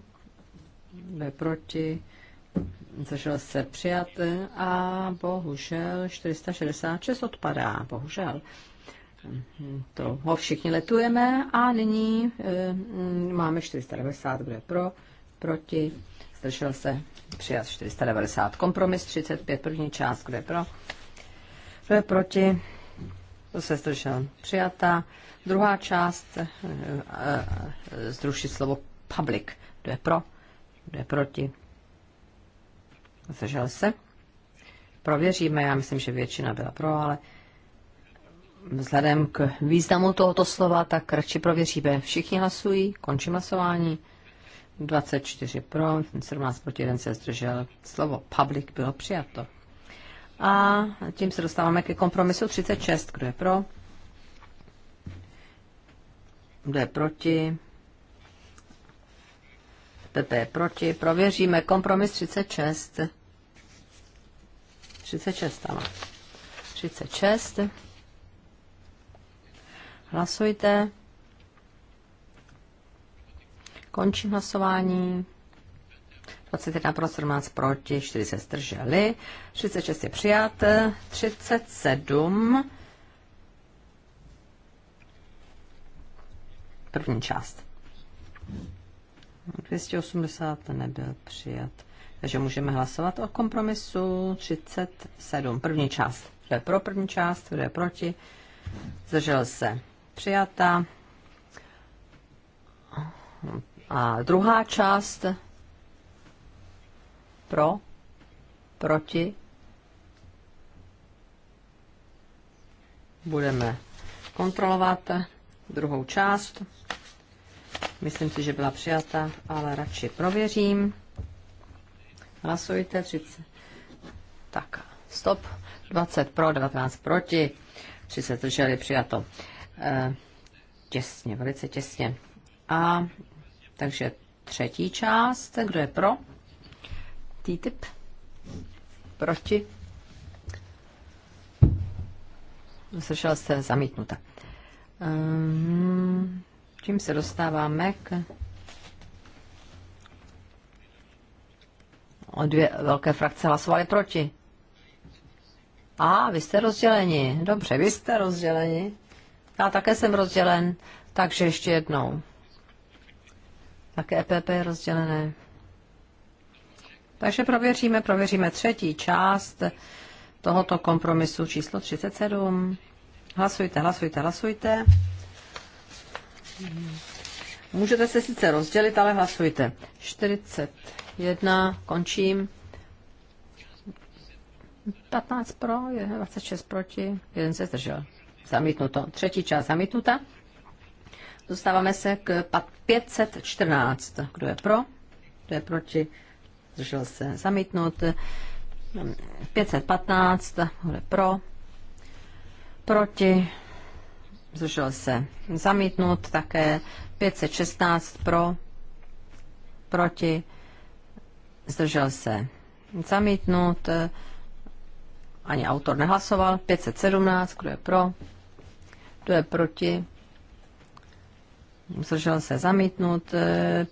S1: kdo je proti, zdržel se přijat a bohužel 466 odpadá, bohužel. To ho všichni letujeme a nyní e, máme 490, kdo je pro, proti, zdržel se přijat 490, kompromis 35, první část, kde je pro, kdo je proti, to se zdržel přijata. Druhá část e, eh, e, eh, zruší slovo public, kdo je pro, kdo je proti, Zdržel se? Prověříme, já myslím, že většina byla pro, ale vzhledem k významu tohoto slova, tak radši prověříme. Všichni hlasují, končí hlasování. 24 pro, 17 proti 1 se zdržel. Slovo public bylo přijato. A tím se dostáváme ke kompromisu 36. Kdo je pro? Kdo je proti? PP proti, prověříme kompromis 36. 36, ano. 36. Hlasujte. Končím hlasování. 21 pro 17 proti, 4 se zdrželi, 36 je přijat, 37 první část. 280 nebyl přijat. Takže můžeme hlasovat o kompromisu 37. První část. Kdo je pro první část, kdo je proti? Zdržel se. Přijata. A druhá část. Pro. Proti. Budeme kontrolovat druhou část. Myslím si, že byla přijata, ale radši prověřím. Hlasujte 30. Tak, stop. 20 pro, 19 proti. 30 se drželi, přijato. E, těsně, velice těsně. A takže třetí část, kdo je pro? TTIP. Proti. Slyšel jste zamítnuta. Um, Čím se dostáváme k o dvě velké frakce hlasovali proti. A vy jste rozděleni. Dobře, vy jste rozděleni. Já také jsem rozdělen, takže ještě jednou. Také EPP je rozdělené. Takže prověříme, prověříme třetí část tohoto kompromisu číslo 37. Hlasujte, hlasujte, hlasujte. Můžete se sice rozdělit, ale hlasujte. 41, končím. 15 pro, 26 proti, jeden se zdržel. Zamítnuto. Třetí část zamítnuta. Dostáváme se k 514. Kdo je pro? Kdo je proti? Zdržel se zamítnut. 515. Kdo je pro? Proti? zdržel se zamítnut, také 516 pro, proti, zdržel se zamítnut, ani autor nehlasoval, 517, kdo je pro, kdo je proti, zdržel se zamítnut,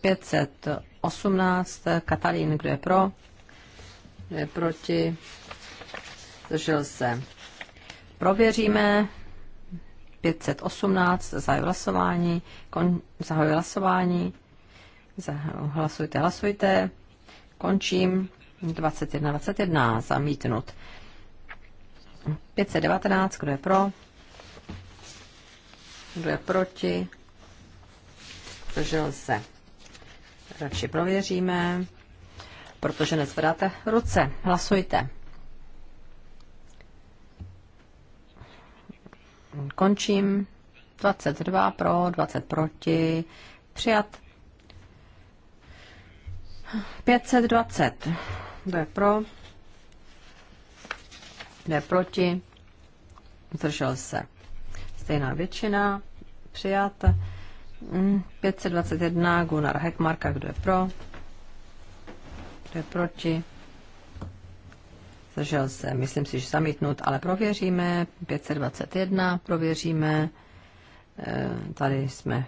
S1: 518, Katalín, kdo je pro, kdo je proti, zdržel se. Prověříme 518, zahajuji hlasování, kon, zahajuji hlasování, zahajuji, hlasujte, hlasujte, končím, 21, 21, zamítnut. 519, kdo je pro? Kdo je proti? Zdržel se. Radši prověříme, protože nezvedáte ruce. Hlasujte. končím. 22 pro, 20 proti, přijat. 520, kdo je pro, kdo je proti, zdržel se. Stejná většina, přijat. 521, mm, Gunnar Heckmarka, kdo je pro, kdo je proti, zdržel se, myslím si, že zamítnut, ale prověříme, 521 prověříme, eh, tady jsme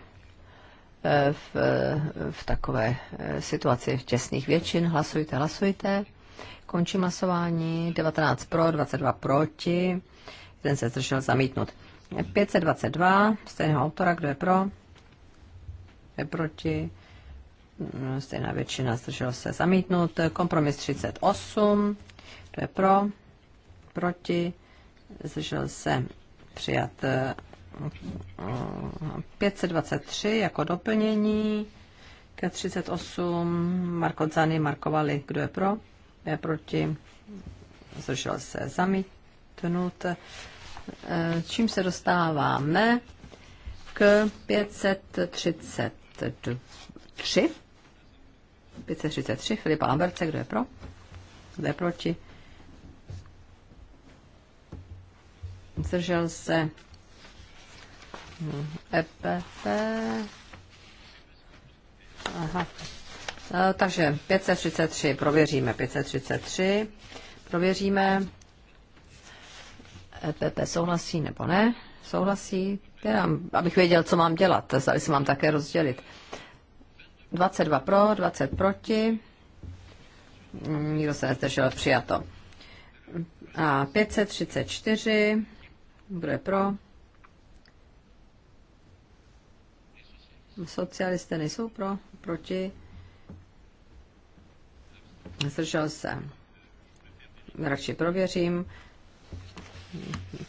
S1: eh, v, eh, v takové situaci těsných většin, hlasujte, hlasujte, Končí hlasování, 19 pro, 22 proti, jeden se zdržel zamítnut. 522 stejného autora, kdo je pro, je proti, stejná většina zdržel se zamítnut. Kompromis 38, kdo je pro? Proti? Zdržel se přijat 523 jako doplnění ke 38 Marko Zany markovali, kdo je pro, kdo je proti, zdržel se zamítnut. Čím se dostáváme k 533. 533 Filipa Lamberce, kdo je pro, kdo je proti, zdržel se hmm, EPP. Aha. E, takže 533, prověříme 533, prověříme EPP souhlasí nebo ne, souhlasí, Já, abych věděl, co mám dělat, zda se mám také rozdělit. 22 pro, 20 proti, hmm, nikdo se nezdržel, přijato. A 534, kdo je pro? Socialisté nejsou pro, proti. Zdržel se. Radši prověřím,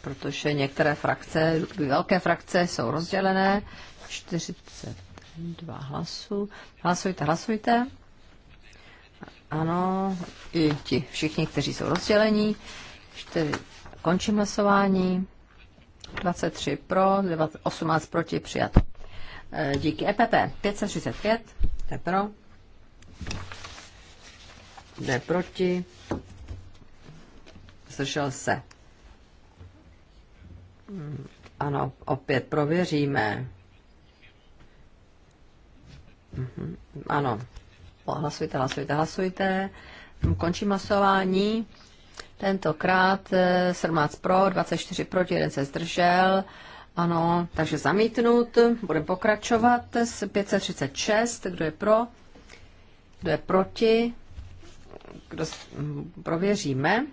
S1: protože některé frakce, velké frakce jsou rozdělené. 42 hlasů. Hlasujte, hlasujte. Ano, i ti všichni, kteří jsou rozdělení. Končím hlasování. 23 pro, 18 proti, přijato. E, díky EPP 535, jde pro, jde proti, zdržel se. Hmm, ano, opět prověříme. Mhm, ano, hlasujte, hlasujte, hlasujte. Končím hlasování. Tentokrát 17 eh, pro, 24 proti, jeden se zdržel. Ano, takže zamítnut. Budeme pokračovat s 536. Kdo je pro? Kdo je proti? Kdo hm, prověříme?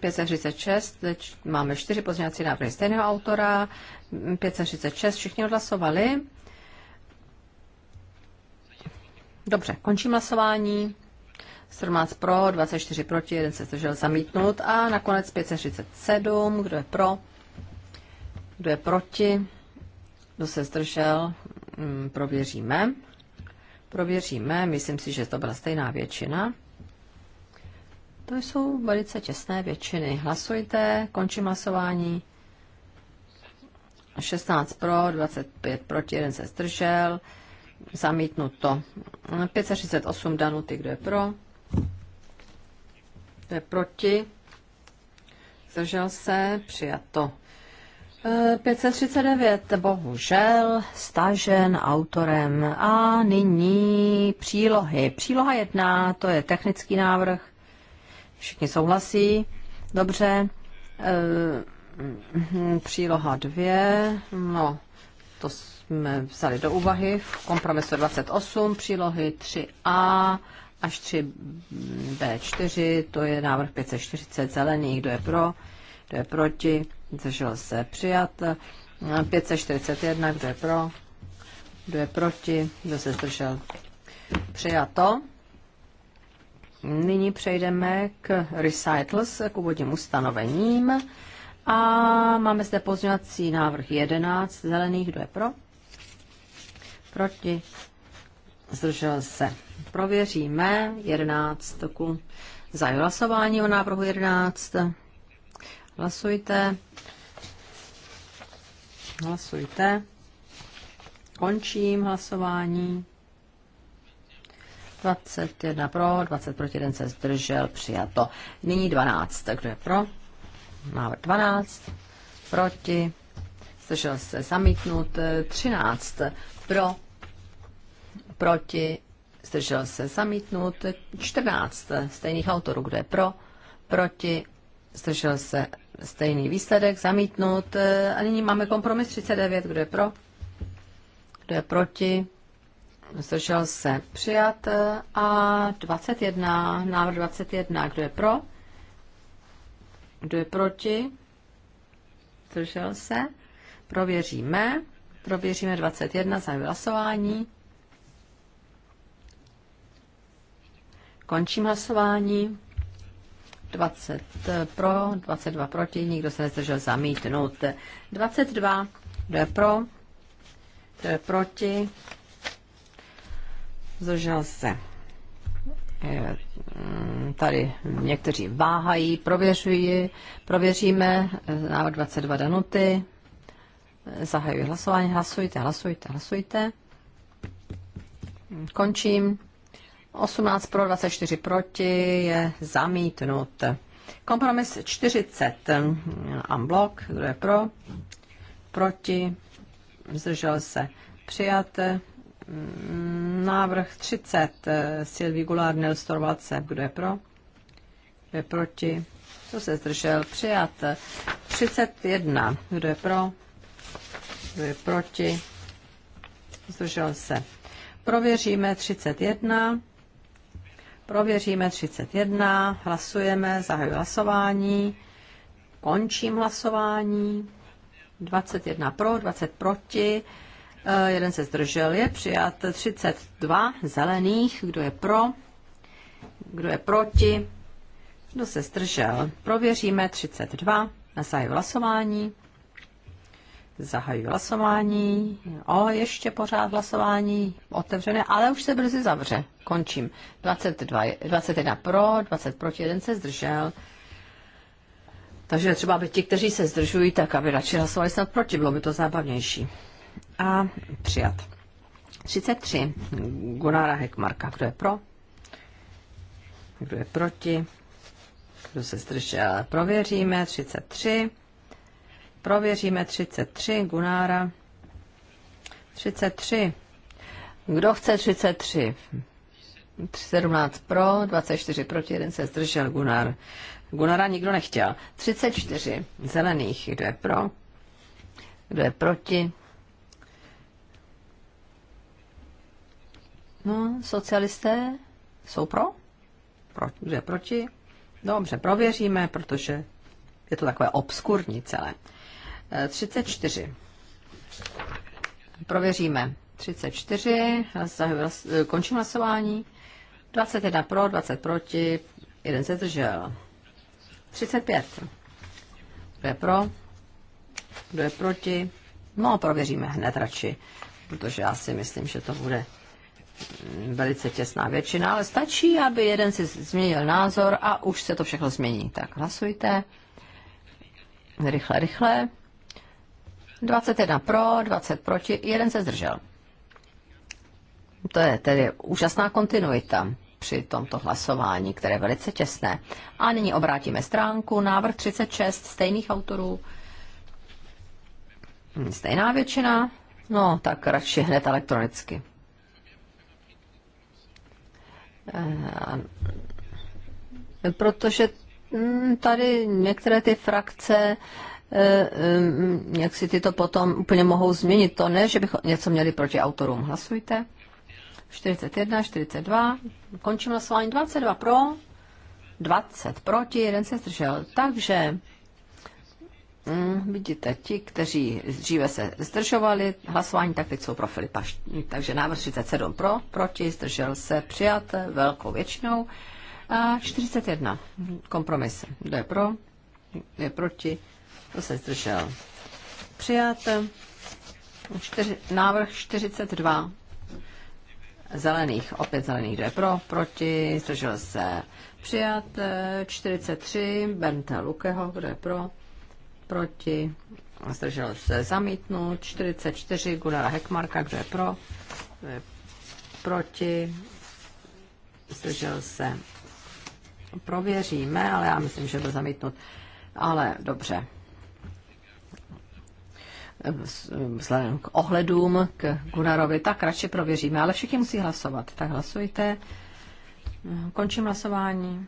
S1: 536, hm, máme čtyři pozměňovací návrhy stejného autora, 536, hm, všichni odhlasovali. Dobře, končím hlasování. 17 pro, 24 proti, jeden se zdržel zamítnut a nakonec 537, kdo je pro, kdo je proti, kdo se zdržel, hmm, prověříme. Prověříme, myslím si, že to byla stejná většina. To jsou velice těsné většiny. Hlasujte, končím hlasování. 16 pro, 25 proti, jeden se zdržel. Zamítnuto. 538 Danuty, kdo je pro? To je proti. Zdržel se, přijato. 539, e, bohužel, stažen autorem. A nyní přílohy. Příloha jedna, to je technický návrh. Všichni souhlasí. Dobře. E, příloha dvě. no, to jsme vzali do úvahy v kompromisu 28, přílohy 3a až 3 B4, to je návrh 540 zelený, kdo je pro, kdo je proti, zdržel se přijat. 541, kdo je pro, kdo je proti, kdo se zdržel přijato. Nyní přejdeme k recitals, k úvodním ustanovením. A máme zde pozměňovací návrh 11 zelených, kdo je pro? Proti? Zdržel se. Prověříme 11. Za hlasování o návrhu 11. Hlasujte. Hlasujte. Končím hlasování. 21 pro, 20 proti 1 se zdržel, přijato. Nyní 12. Kdo je pro? Návrh 12. Proti. Zdržel se zamítnut. 13. Pro. Proti zdržel se zamítnut, 14 stejných autorů, kdo je pro, proti, zdržel se stejný výsledek, zamítnut. A nyní máme kompromis 39, kdo je pro, kdo je proti, zdržel se přijat a 21, návrh 21, kdo je pro, kdo je proti, zdržel se, prověříme, prověříme 21, zahajuji hlasování. Končím hlasování. 20 pro, 22 proti, nikdo se nezdržel zamítnout. 22, kdo je pro, kdo je proti, zdržel se. Mm, tady někteří váhají, prověřují, prověříme návrh 22 Danuty. Zahajuji hlasování, hlasujte, hlasujte, hlasujte. Končím. 18 pro, 24 proti je zamítnut. Kompromis 40. Amblok, kdo je pro? Proti? Zdržel se. Přijat. Návrh 30. Silvi Gulár, Nils Torvalce, kdo je pro? Kdo je proti? Kdo se zdržel? Přijat. 31. Kdo je pro? Kdo je proti? Zdržel se. Prověříme 31. Prověříme 31, hlasujeme, zahajuji hlasování, končím hlasování, 21 pro, 20 proti, eh, jeden se zdržel, je přijat 32 zelených, kdo je pro, kdo je proti, kdo se zdržel. Prověříme 32, zahajuji hlasování, Zahajuji hlasování. O, ještě pořád hlasování otevřené, ale už se brzy zavře. Končím. 22, 21 pro, 20 proti, jeden se zdržel. Takže třeba, by ti, kteří se zdržují, tak aby radši hlasovali snad proti, bylo by to zábavnější. A přijat. 33. Gunára Hekmarka. Kdo je pro? Kdo je proti? Kdo se zdržel? Prověříme. 33. Prověříme 33 Gunára. 33. Kdo chce 33? 17 pro, 24 proti, jeden se zdržel Gunár. Gunara nikdo nechtěl. 34 zelených, kdo je pro, kdo je proti. No, socialisté jsou pro, pro kdo je proti. Dobře, prověříme, protože je to takové obskurní celé. 34. Prověříme. 34. Končím hlasování. 21 pro, 20 proti, jeden se zdržel. 35. Kdo je pro? Kdo je proti? No, prověříme hned radši, protože já si myslím, že to bude velice těsná většina, ale stačí, aby jeden si změnil názor a už se to všechno změní. Tak hlasujte. Rychle, rychle. 21 pro, 20 proti, jeden se zdržel. To je tedy úžasná kontinuita při tomto hlasování, které je velice těsné. A nyní obrátíme stránku, návrh 36 stejných autorů, stejná většina, no tak radši hned elektronicky. Eh, protože hm, tady některé ty frakce Eh, jak si tyto potom úplně mohou změnit. To ne, že bychom něco měli proti autorům. Hlasujte. 41, 42. Končím hlasování. 22 pro, 20 proti, jeden se zdržel. Takže mm, vidíte, ti, kteří dříve se zdržovali hlasování, tak teď jsou pro Filipa. Takže návrh 37 pro, proti, zdržel se, přijat velkou většinou. A 41 kompromis. Kdo je pro, je proti, to se zdržel? Přijat. Čtyři, návrh 42 zelených, opět zelených, kdo je pro, proti, zdržel se přijat, 43, Bernta Lukeho, kdo je pro, proti, zdržel se zamítnut, 44, Gunara Hekmarka, kdo je pro, kdo je proti, zdržel se, prověříme, ale já myslím, že byl zamítnut, ale dobře, vzhledem k ohledům, k Gunarovi, tak radši prověříme, ale všichni musí hlasovat. Tak hlasujte. Končím hlasování.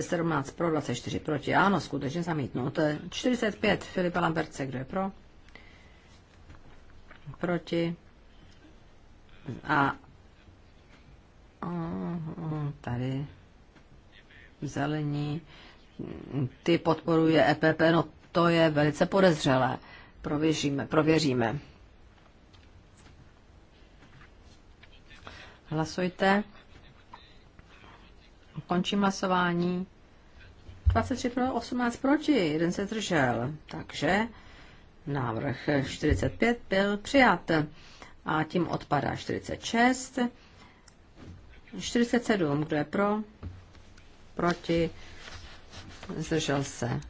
S1: 17 pro, 24 proti. Ano, skutečně zamítnout. 45 Filipa Lamberce, kdo je pro? Proti. A mhm, tady zelení, ty podporuje EPP, no to je velice podezřelé prověříme. prověříme. Hlasujte. Končím hlasování. 23 pro, 18 proti, jeden se držel. Takže návrh 45 byl přijat. A tím odpadá 46. 47, kdo je pro? Proti, zdržel se. E,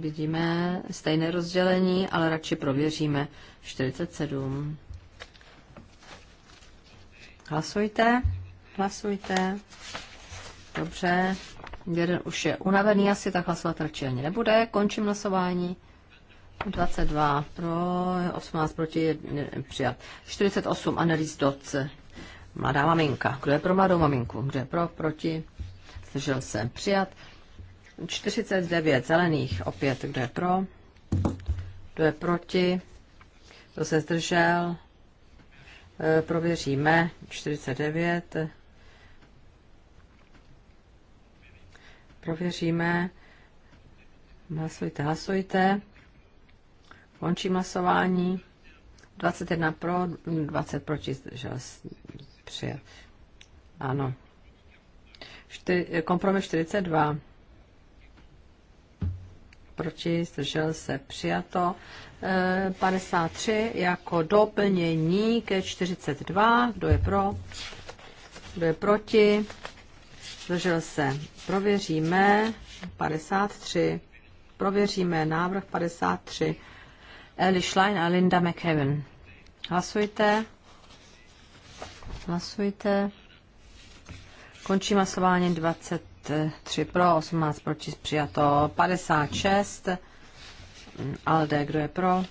S1: vidíme stejné rozdělení, ale radši prověříme 47. Hlasujte, hlasujte. Dobře, jeden už je unavený asi, tak hlasovat radši ani nebude. Končím hlasování. 22 pro, 18 proti, přijat. 48, analýz Doc, mladá maminka. Kdo je pro mladou maminku? Kdo je pro, proti? zdržel se přijat. 49 zelených, opět, kdo je pro, kdo je proti, kdo se zdržel, e, prověříme 49, prověříme, hlasujte, hlasujte, končí hlasování, 21 pro, 20 proti, zdržel přijat. Ano, 4, kompromis 42. Proti, zdržel se, přijato. 53 e, jako doplnění ke 42. Kdo je pro? Kdo je proti? Zdržel se. Prověříme 53. Prověříme návrh 53. Eli Schlein a Linda McKevin. Hlasujte. Hlasujte. Končím hlasování 23 pro, 18 proti přijato 56. Alde, kdo je pro?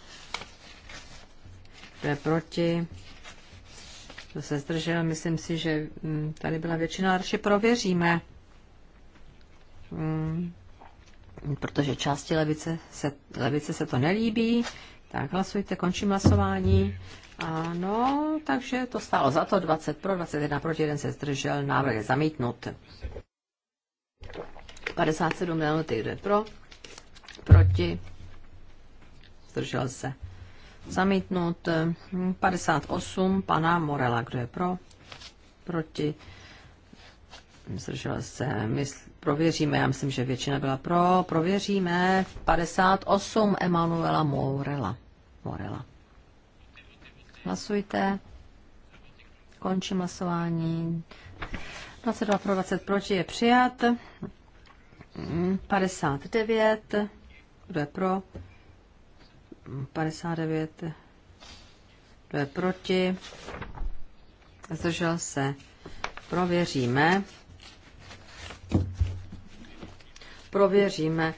S1: Kdo je proti? Kdo se zdržel? Myslím si, že mm, tady byla většina, ale prověříme. Mm, protože části levice se, levice se to nelíbí. Tak hlasujte, končím hlasování. Ano, takže to stálo za to 20 pro, 21 proti, jeden se zdržel, návrh je zamítnut. 57 milionů týdne pro, proti, zdržel se. Zamítnut 58 pana Morela, kdo je pro, proti, zdržel se. My prověříme, já myslím, že většina byla pro, prověříme 58 Emanuela Morela. Morela. Hlasujte. Končím hlasování. 22 pro 20 proti je přijat. 59. Kdo je pro? 59. Kdo je proti? Zdržel se. Prověříme. Prověříme.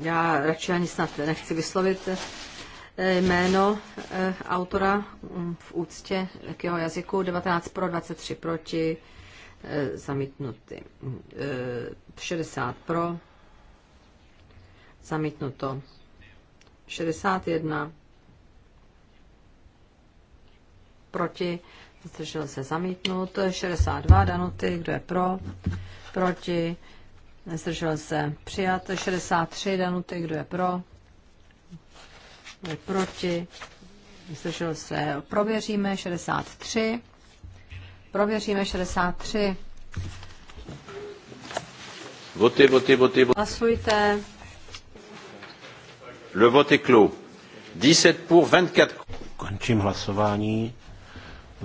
S1: Já radši ani snad nechci vyslovit jméno eh, autora mm, v úctě k jeho jazyku 19 pro 23 proti eh, zamítnuty. 60 eh, pro zamítnuto. 61 proti, zdržel se zamítnut, 62 danuty, kdo je pro, proti, zdržel se přijat, 63 danuty, kdo je pro, proti, vyslyšel se, prověříme 63, prověříme 63.
S2: voty, voty, voty.
S1: Hlasujte.
S2: Le vote est clos. 17 pour, 24. Končím hlasování.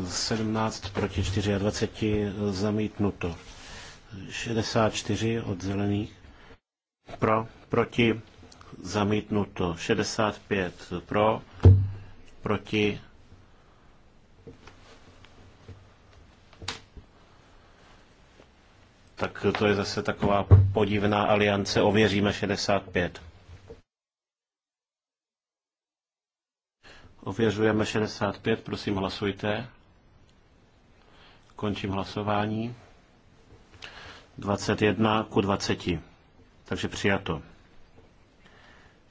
S2: 17 proti 24 zamítnuto. 64 od zelených. Pro, proti zamítnuto 65 pro, proti tak to je zase taková podivná aliance, ověříme 65. Ověřujeme 65, prosím hlasujte. Končím hlasování. 21 ku 20. Takže přijato.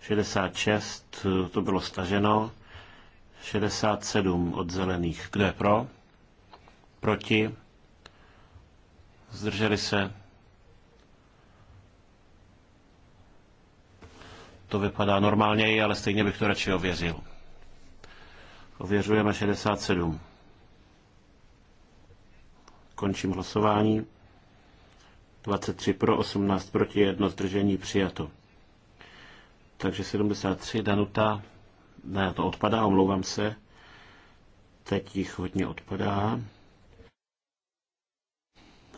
S2: 66, eh, to bylo staženo. 67 od zelených. Kdo je pro? Proti? Zdrželi se? To vypadá normálněji, ale stejně bych to radši ověřil. Ověřujeme 67. Končím hlasování. 23 pro, 18 proti, jedno zdržení přijato. Takže 73 Danuta, ne, to odpadá, omlouvám se. Teď jich hodně odpadá.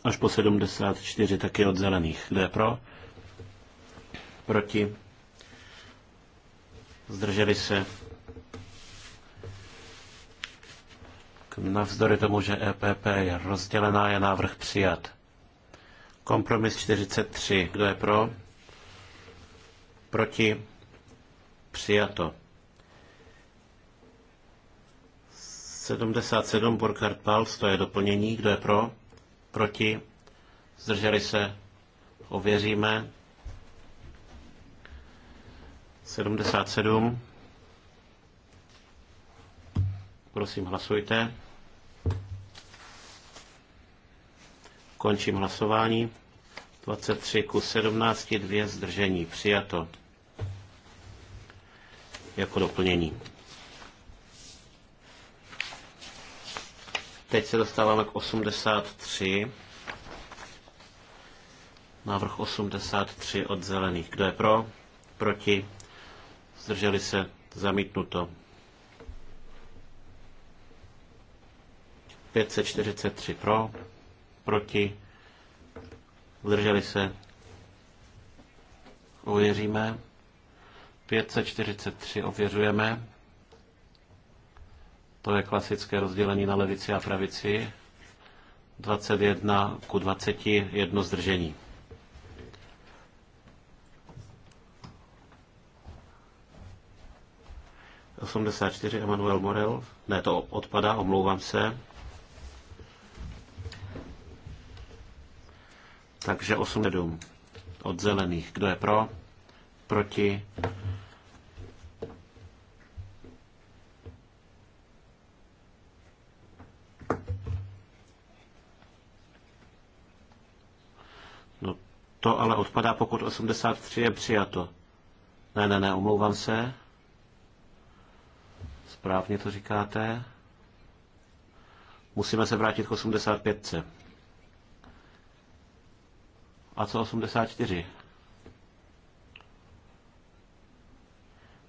S2: Až po 74 taky od zelených. Kdo je pro? Proti? Zdrželi se? Navzdory tomu, že EPP je rozdělená, je návrh přijat. Kompromis 43. Kdo je pro? Proti? Přijato. 77 Burkhard Pals, to je doplnění. Kdo je pro? Proti? Zdrželi se? Ověříme. 77. Prosím, hlasujte. Končím hlasování. 23 ku 17, 2 zdržení. Přijato jako doplnění. Teď se dostáváme k 83. Návrh 83 od zelených. Kdo je pro? Proti? Zdrželi se? Zamítnuto. 543 pro, proti, zdrželi se, uvěříme. 543 ověřujeme. To je klasické rozdělení na levici a pravici. 21 ku 20, jedno zdržení. Emanuel Morel. Ne, to odpadá, omlouvám se. Takže 8 od zelených. Kdo je pro? proti, No, to ale odpadá, pokud 83 je přijato. Ne, ne, ne, omlouvám se. Správně to říkáte. Musíme se vrátit k 85. A co 84?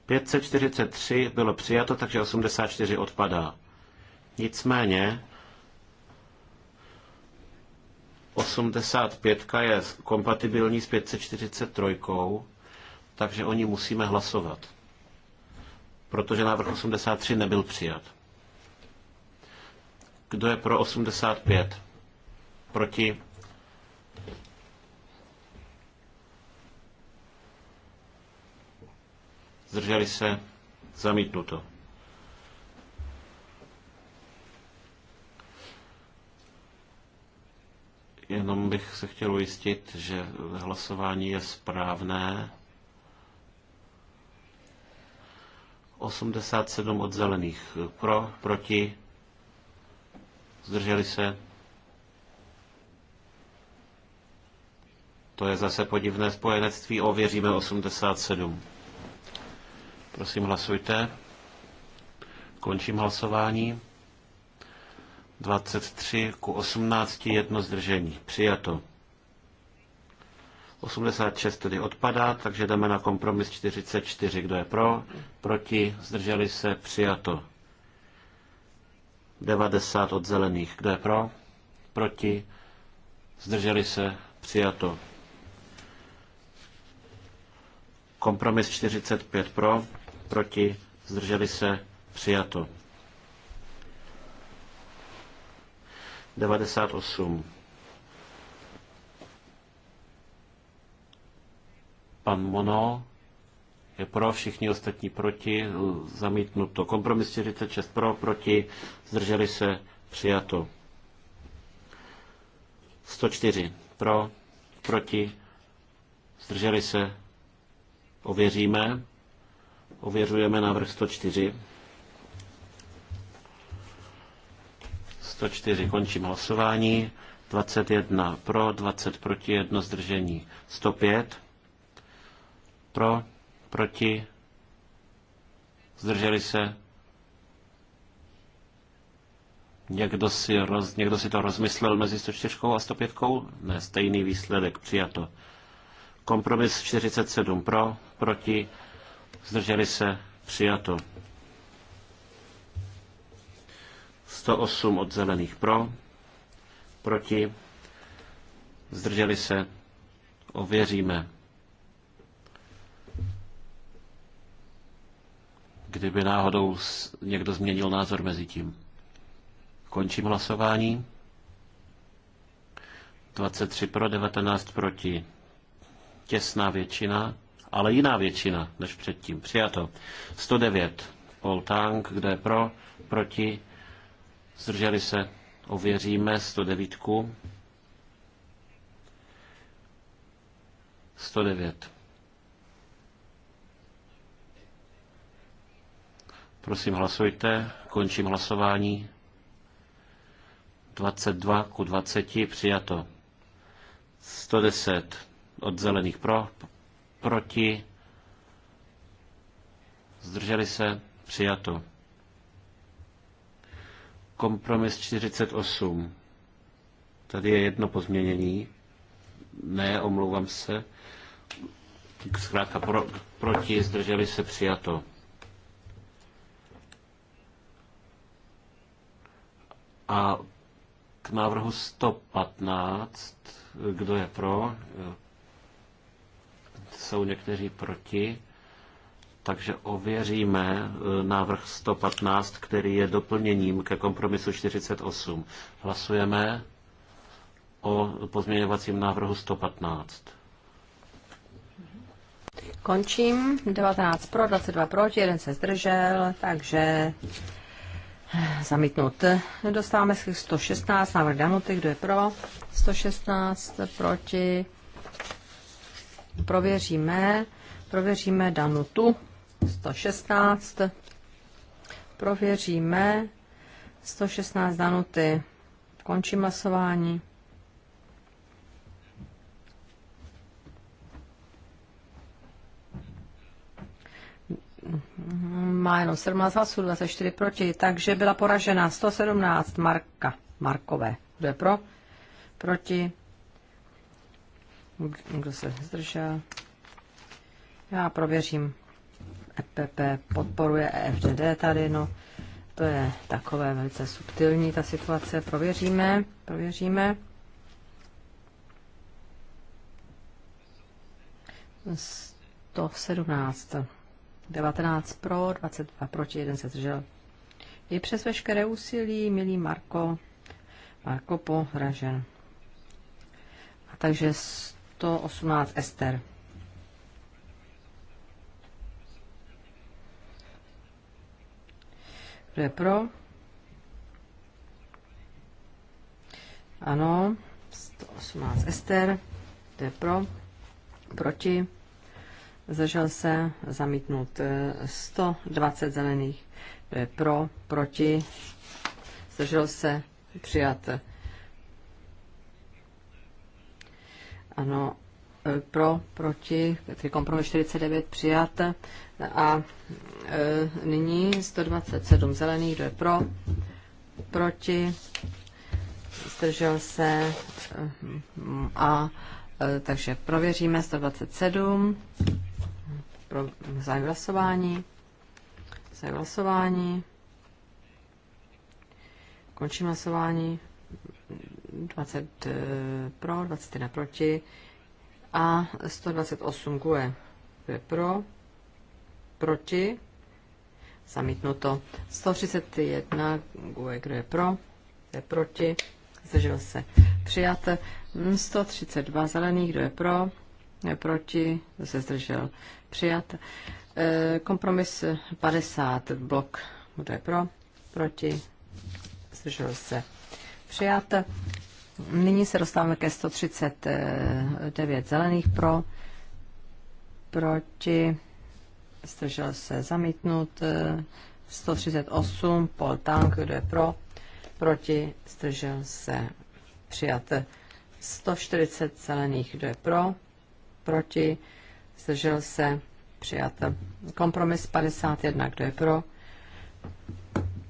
S2: 543 bylo přijato, takže 84 odpadá. Nicméně 85 je kompatibilní s 543, takže o ní musíme hlasovat, protože návrh 83 nebyl přijat. Kdo je pro 85? Proti? zdrželi se, zamítnuto. Jenom bych se chtěl ujistit, že hlasování je správné. 87 od zelených pro, proti, zdrželi se. To je zase podivné spojenectví, ověříme 87. Prosím, hlasujte. Končím hlasování. 23 ku 18 jedno zdržení. Přijato. 86 tedy odpadá, takže jdeme na kompromis 44. Kdo je pro? Proti? Zdrželi se? Přijato. 90 od zelených. Kdo je pro? Proti? Zdrželi se? Přijato. Kompromis 45 pro, proti, zdrželi se, přijato. 98. Pan Mono je pro, všichni ostatní proti, zamítnuto. Kompromis 46 pro, proti, zdrželi se, přijato. 104 pro, proti, zdrželi se, ověříme. Ověřujeme návrh 104. 104. Končím hlasování. 21 pro, 20 proti, 1 zdržení. 105 pro, proti, zdrželi se. Někdo si, roz, někdo si to rozmyslel mezi 104 a 105? Ne, stejný výsledek, přijato. Kompromis 47 pro, proti, zdrželi se, přijato. 108 od zelených pro, proti, zdrželi se, ověříme. Kdyby náhodou někdo změnil názor mezi tím. Končím hlasování. 23 pro, 19 proti. Těsná většina ale jiná většina než předtím. Přijato. 109. Paul Tang, kde je pro, proti, zdrželi se, ověříme 109. 109. Prosím, hlasujte. Končím hlasování. 22 ku 20 přijato. 110 od zelených pro, proti, zdrželi se, přijato. Kompromis 48. Tady je jedno pozměnění. Ne, omlouvám se. Zkrátka pro, proti, zdrželi se, přijato. A k návrhu 115, kdo je pro, jsou někteří proti, takže ověříme e, návrh 115, který je doplněním ke kompromisu 48. Hlasujeme o pozměňovacím návrhu 115.
S1: Končím. 19 pro, 22 proti, jeden se zdržel, takže eh, zamítnut. Dostáváme se 116, návrh Danuty, kdo je pro? 116 proti. Prověříme, prověříme tu 116. Prověříme 116 Danuty. končí masování. Má jenom 17 hlasů, 24 proti, takže byla poražena 117 Marka, Markové. Kdo je pro? Proti? Kdo se zdržel? Já prověřím. EPP podporuje EFDD tady, no. To je takové velice subtilní ta situace. Prověříme, prověříme. S 117. 19 pro, 22 proti, jeden se zdržel. I přes veškeré úsilí, milý Marko, Marko poražen. A takže 118 Ester. Kdo je pro? Ano, 118 Ester. Kdo je pro? Proti? Zažel se zamítnut 120 zelených. Kdo je pro? Proti? Zažel se přijat Ano, e, pro, proti, tedy kompromis 49 přijat. A e, nyní 127 zelených, kdo je pro, proti, zdržel se e, a e, takže prověříme 127 pro zájem hlasování. Zájem hlasování. Končím hlasování. 20 eh, pro, 21 proti a 128 GUE. je pro? Proti? Zamítnuto. 131 GUE. Kdo je pro? je proti? Zdržel se. Přijat. 132 hm, zelených. Kdo je pro? je proti? Kdo se zdržel? Přijat. Eh, kompromis 50 blok. Kdo je pro? Proti? Zdržel se. Přijat. Nyní se dostáváme ke 139 zelených pro, proti, zdržel se zamítnut, 138 pol Tank, kdo je pro, proti, zdržel se přijat, 140 zelených, kdo je pro, proti, zdržel se přijat, kompromis 51, kdo je pro,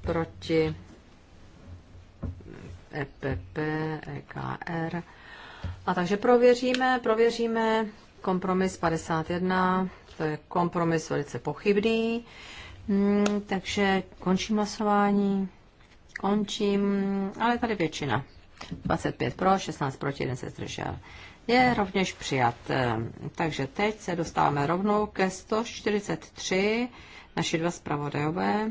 S1: proti, EPP, EKR. A takže prověříme, prověříme kompromis 51, to je kompromis velice pochybný, hmm, takže končím hlasování, končím, ale tady většina. 25 pro, 16 proti, 1 se zdržel. Je rovněž přijat. Takže teď se dostáváme rovnou ke 143. Naši dva zpravodajové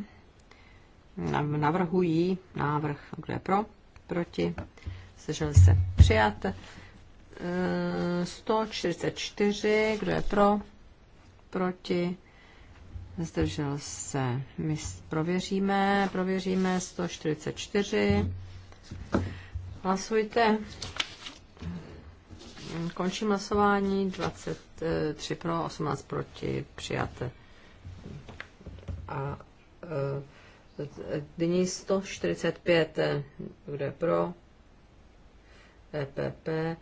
S1: navrhují návrh, kdo je pro, proti, zdržel se přijat. 144, eh, kdo je pro, proti, zdržel se. My prověříme, prověříme 144. Hlasujte. Končím hlasování. 23 pro, 18 proti, přijat. A uh, dní 145, eh, kdo je pro, EPP,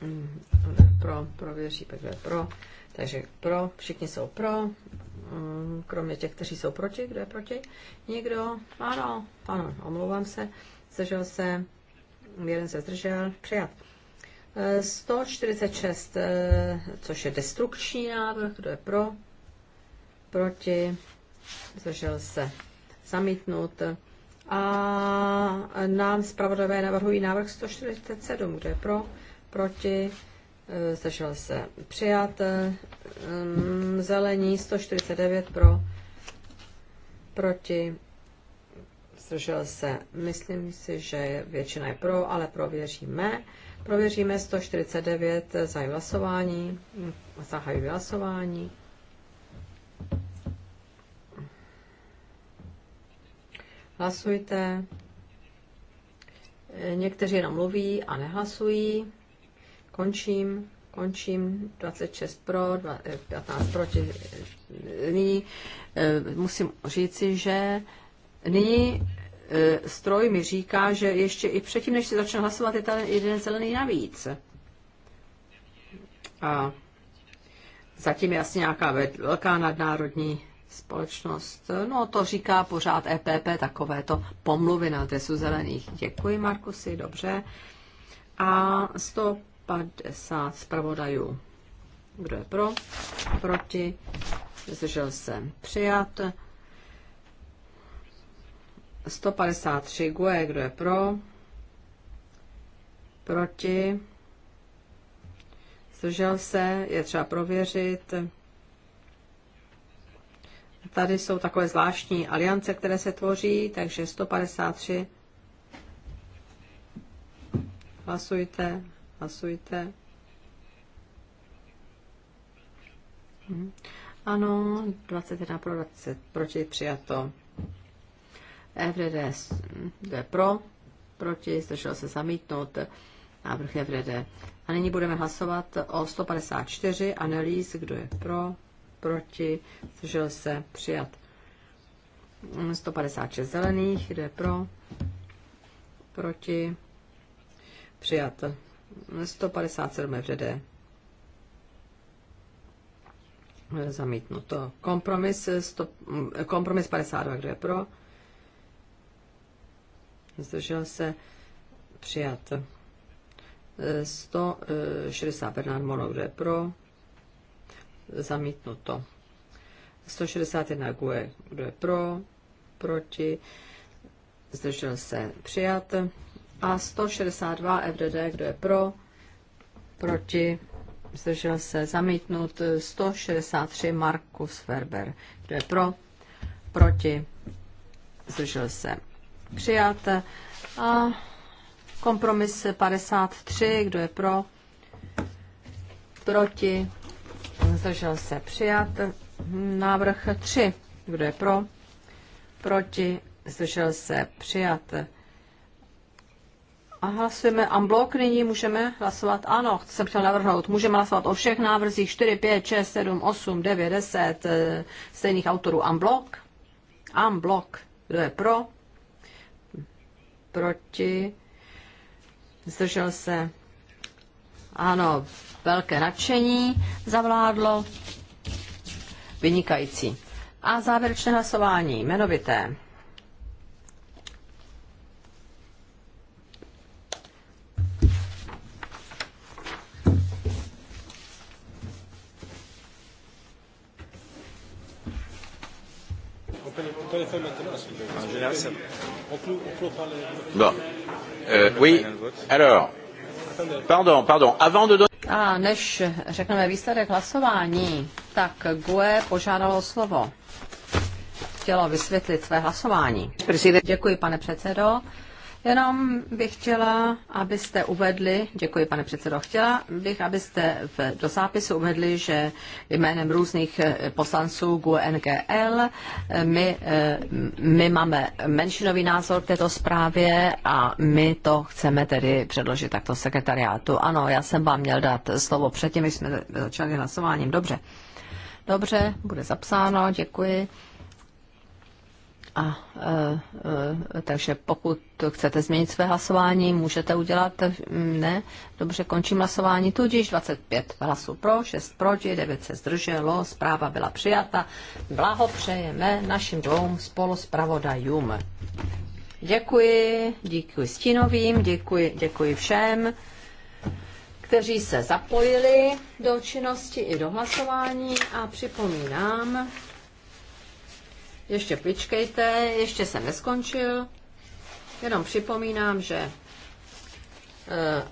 S1: kdo je pro, prověří, kdo je pro, takže pro, všichni jsou pro, mm, kromě těch, kteří jsou proti, kdo je proti, nikdo, ano, ano, omlouvám se, zdržel se, jeden se zdržel, přijat. 146, eh, eh, což je destrukční návrh, kdo je pro, proti, zažil se zamítnut. A nám zpravodové navrhují návrh 147, kde je pro, proti, zdržel se přijat. Mm, zelení 149 pro, proti, zdržel se. Myslím si, že většina je pro, ale prověříme. Prověříme 149 za hlasování. zahajují hlasování. Hlasujte. Někteří jenom mluví a nehlasují. Končím. Končím 26 pro, 15 eh, proti. Nyní eh, musím říci, že nyní eh, stroj mi říká, že ještě i předtím, než se začne hlasovat, je tady jeden zelený navíc. A zatím je asi nějaká velká nadnárodní společnost. No to říká pořád EPP, takové to pomluvy na adresu zelených. Děkuji, Markusy, dobře. A 150 zpravodajů. Kdo je pro? Proti? Zdržel se. Přijat. 153 GUE, kdo je pro? Proti? Zdržel se, je třeba prověřit. Tady jsou takové zvláštní aliance, které se tvoří, takže 153. Hlasujte, hlasujte. Mhm. Ano, 21 pro 20, proti přijato. FDD je pro, proti, zdržel se zamítnout návrh FDD. A nyní budeme hlasovat o 154 analýz, kdo je pro, proti, zdržel se, přijat. 156 zelených, jde pro, proti, přijat. 157 FDD. Zamítnuto. Kompromis, 100, kompromis 52, kdo je pro? Zdržel se přijat. 160 Bernard Mono, kdo je pro? zamítnuto. 161 GUE, kdo je pro, proti, zdržel se přijat. A 162 FDD, kdo je pro, proti, zdržel se zamítnut. 163 Markus Ferber, kdo je pro, proti, zdržel se přijat. A kompromis 53, kdo je pro, proti, zdržel se přijat. Návrh 3, kdo je pro, proti, zdržel se přijat. A hlasujeme unblock, nyní můžeme hlasovat, ano, jsem chtěl navrhnout, můžeme hlasovat o všech návrzích 4, 5, 6, 7, 8, 9, 10 stejných autorů unblock. Unblock, kdo je pro, proti, zdržel se ano, velké nadšení zavládlo. Vynikající. A závěrečné hlasování, jmenovité.
S2: Bon. Euh, oui, alors, Pardon, pardon. Avant de...
S1: A než řekneme výsledek hlasování, tak GUE požádalo slovo. Chtělo vysvětlit své hlasování. Děkuji, pane předsedo. Jenom bych chtěla, abyste uvedli, děkuji pane předsedo, chtěla bych, abyste v, do zápisu uvedli, že jménem různých eh, poslanců GUNGL eh, my, eh, my máme menšinový názor k této zprávě a my to chceme tedy předložit takto sekretariátu. Ano, já jsem vám měl dát slovo předtím, když jsme začali hlasováním. Dobře. Dobře, bude zapsáno, děkuji. A e, e, takže pokud chcete změnit své hlasování, můžete udělat, mm, ne, dobře, končím hlasování, tudíž 25 hlasů pro, 6 proti, 9 se zdrželo, zpráva byla přijata. Blahopřejeme našim dvou spoluspravodajům. Děkuji, děkuji Stinovým, děkuji, děkuji všem, kteří se zapojili do činnosti i do hlasování a připomínám, ještě pličkejte, ještě jsem neskončil. Jenom připomínám, že eh,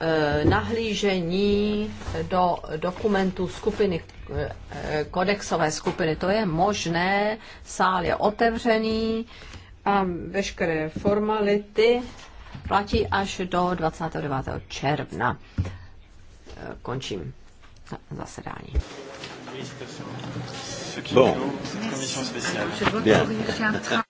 S1: eh, nahlížení do dokumentu skupiny, eh, kodexové skupiny, to je možné, sál je otevřený a veškeré formality platí až do 29. června. Končím zasedání.
S2: Bon. Bien.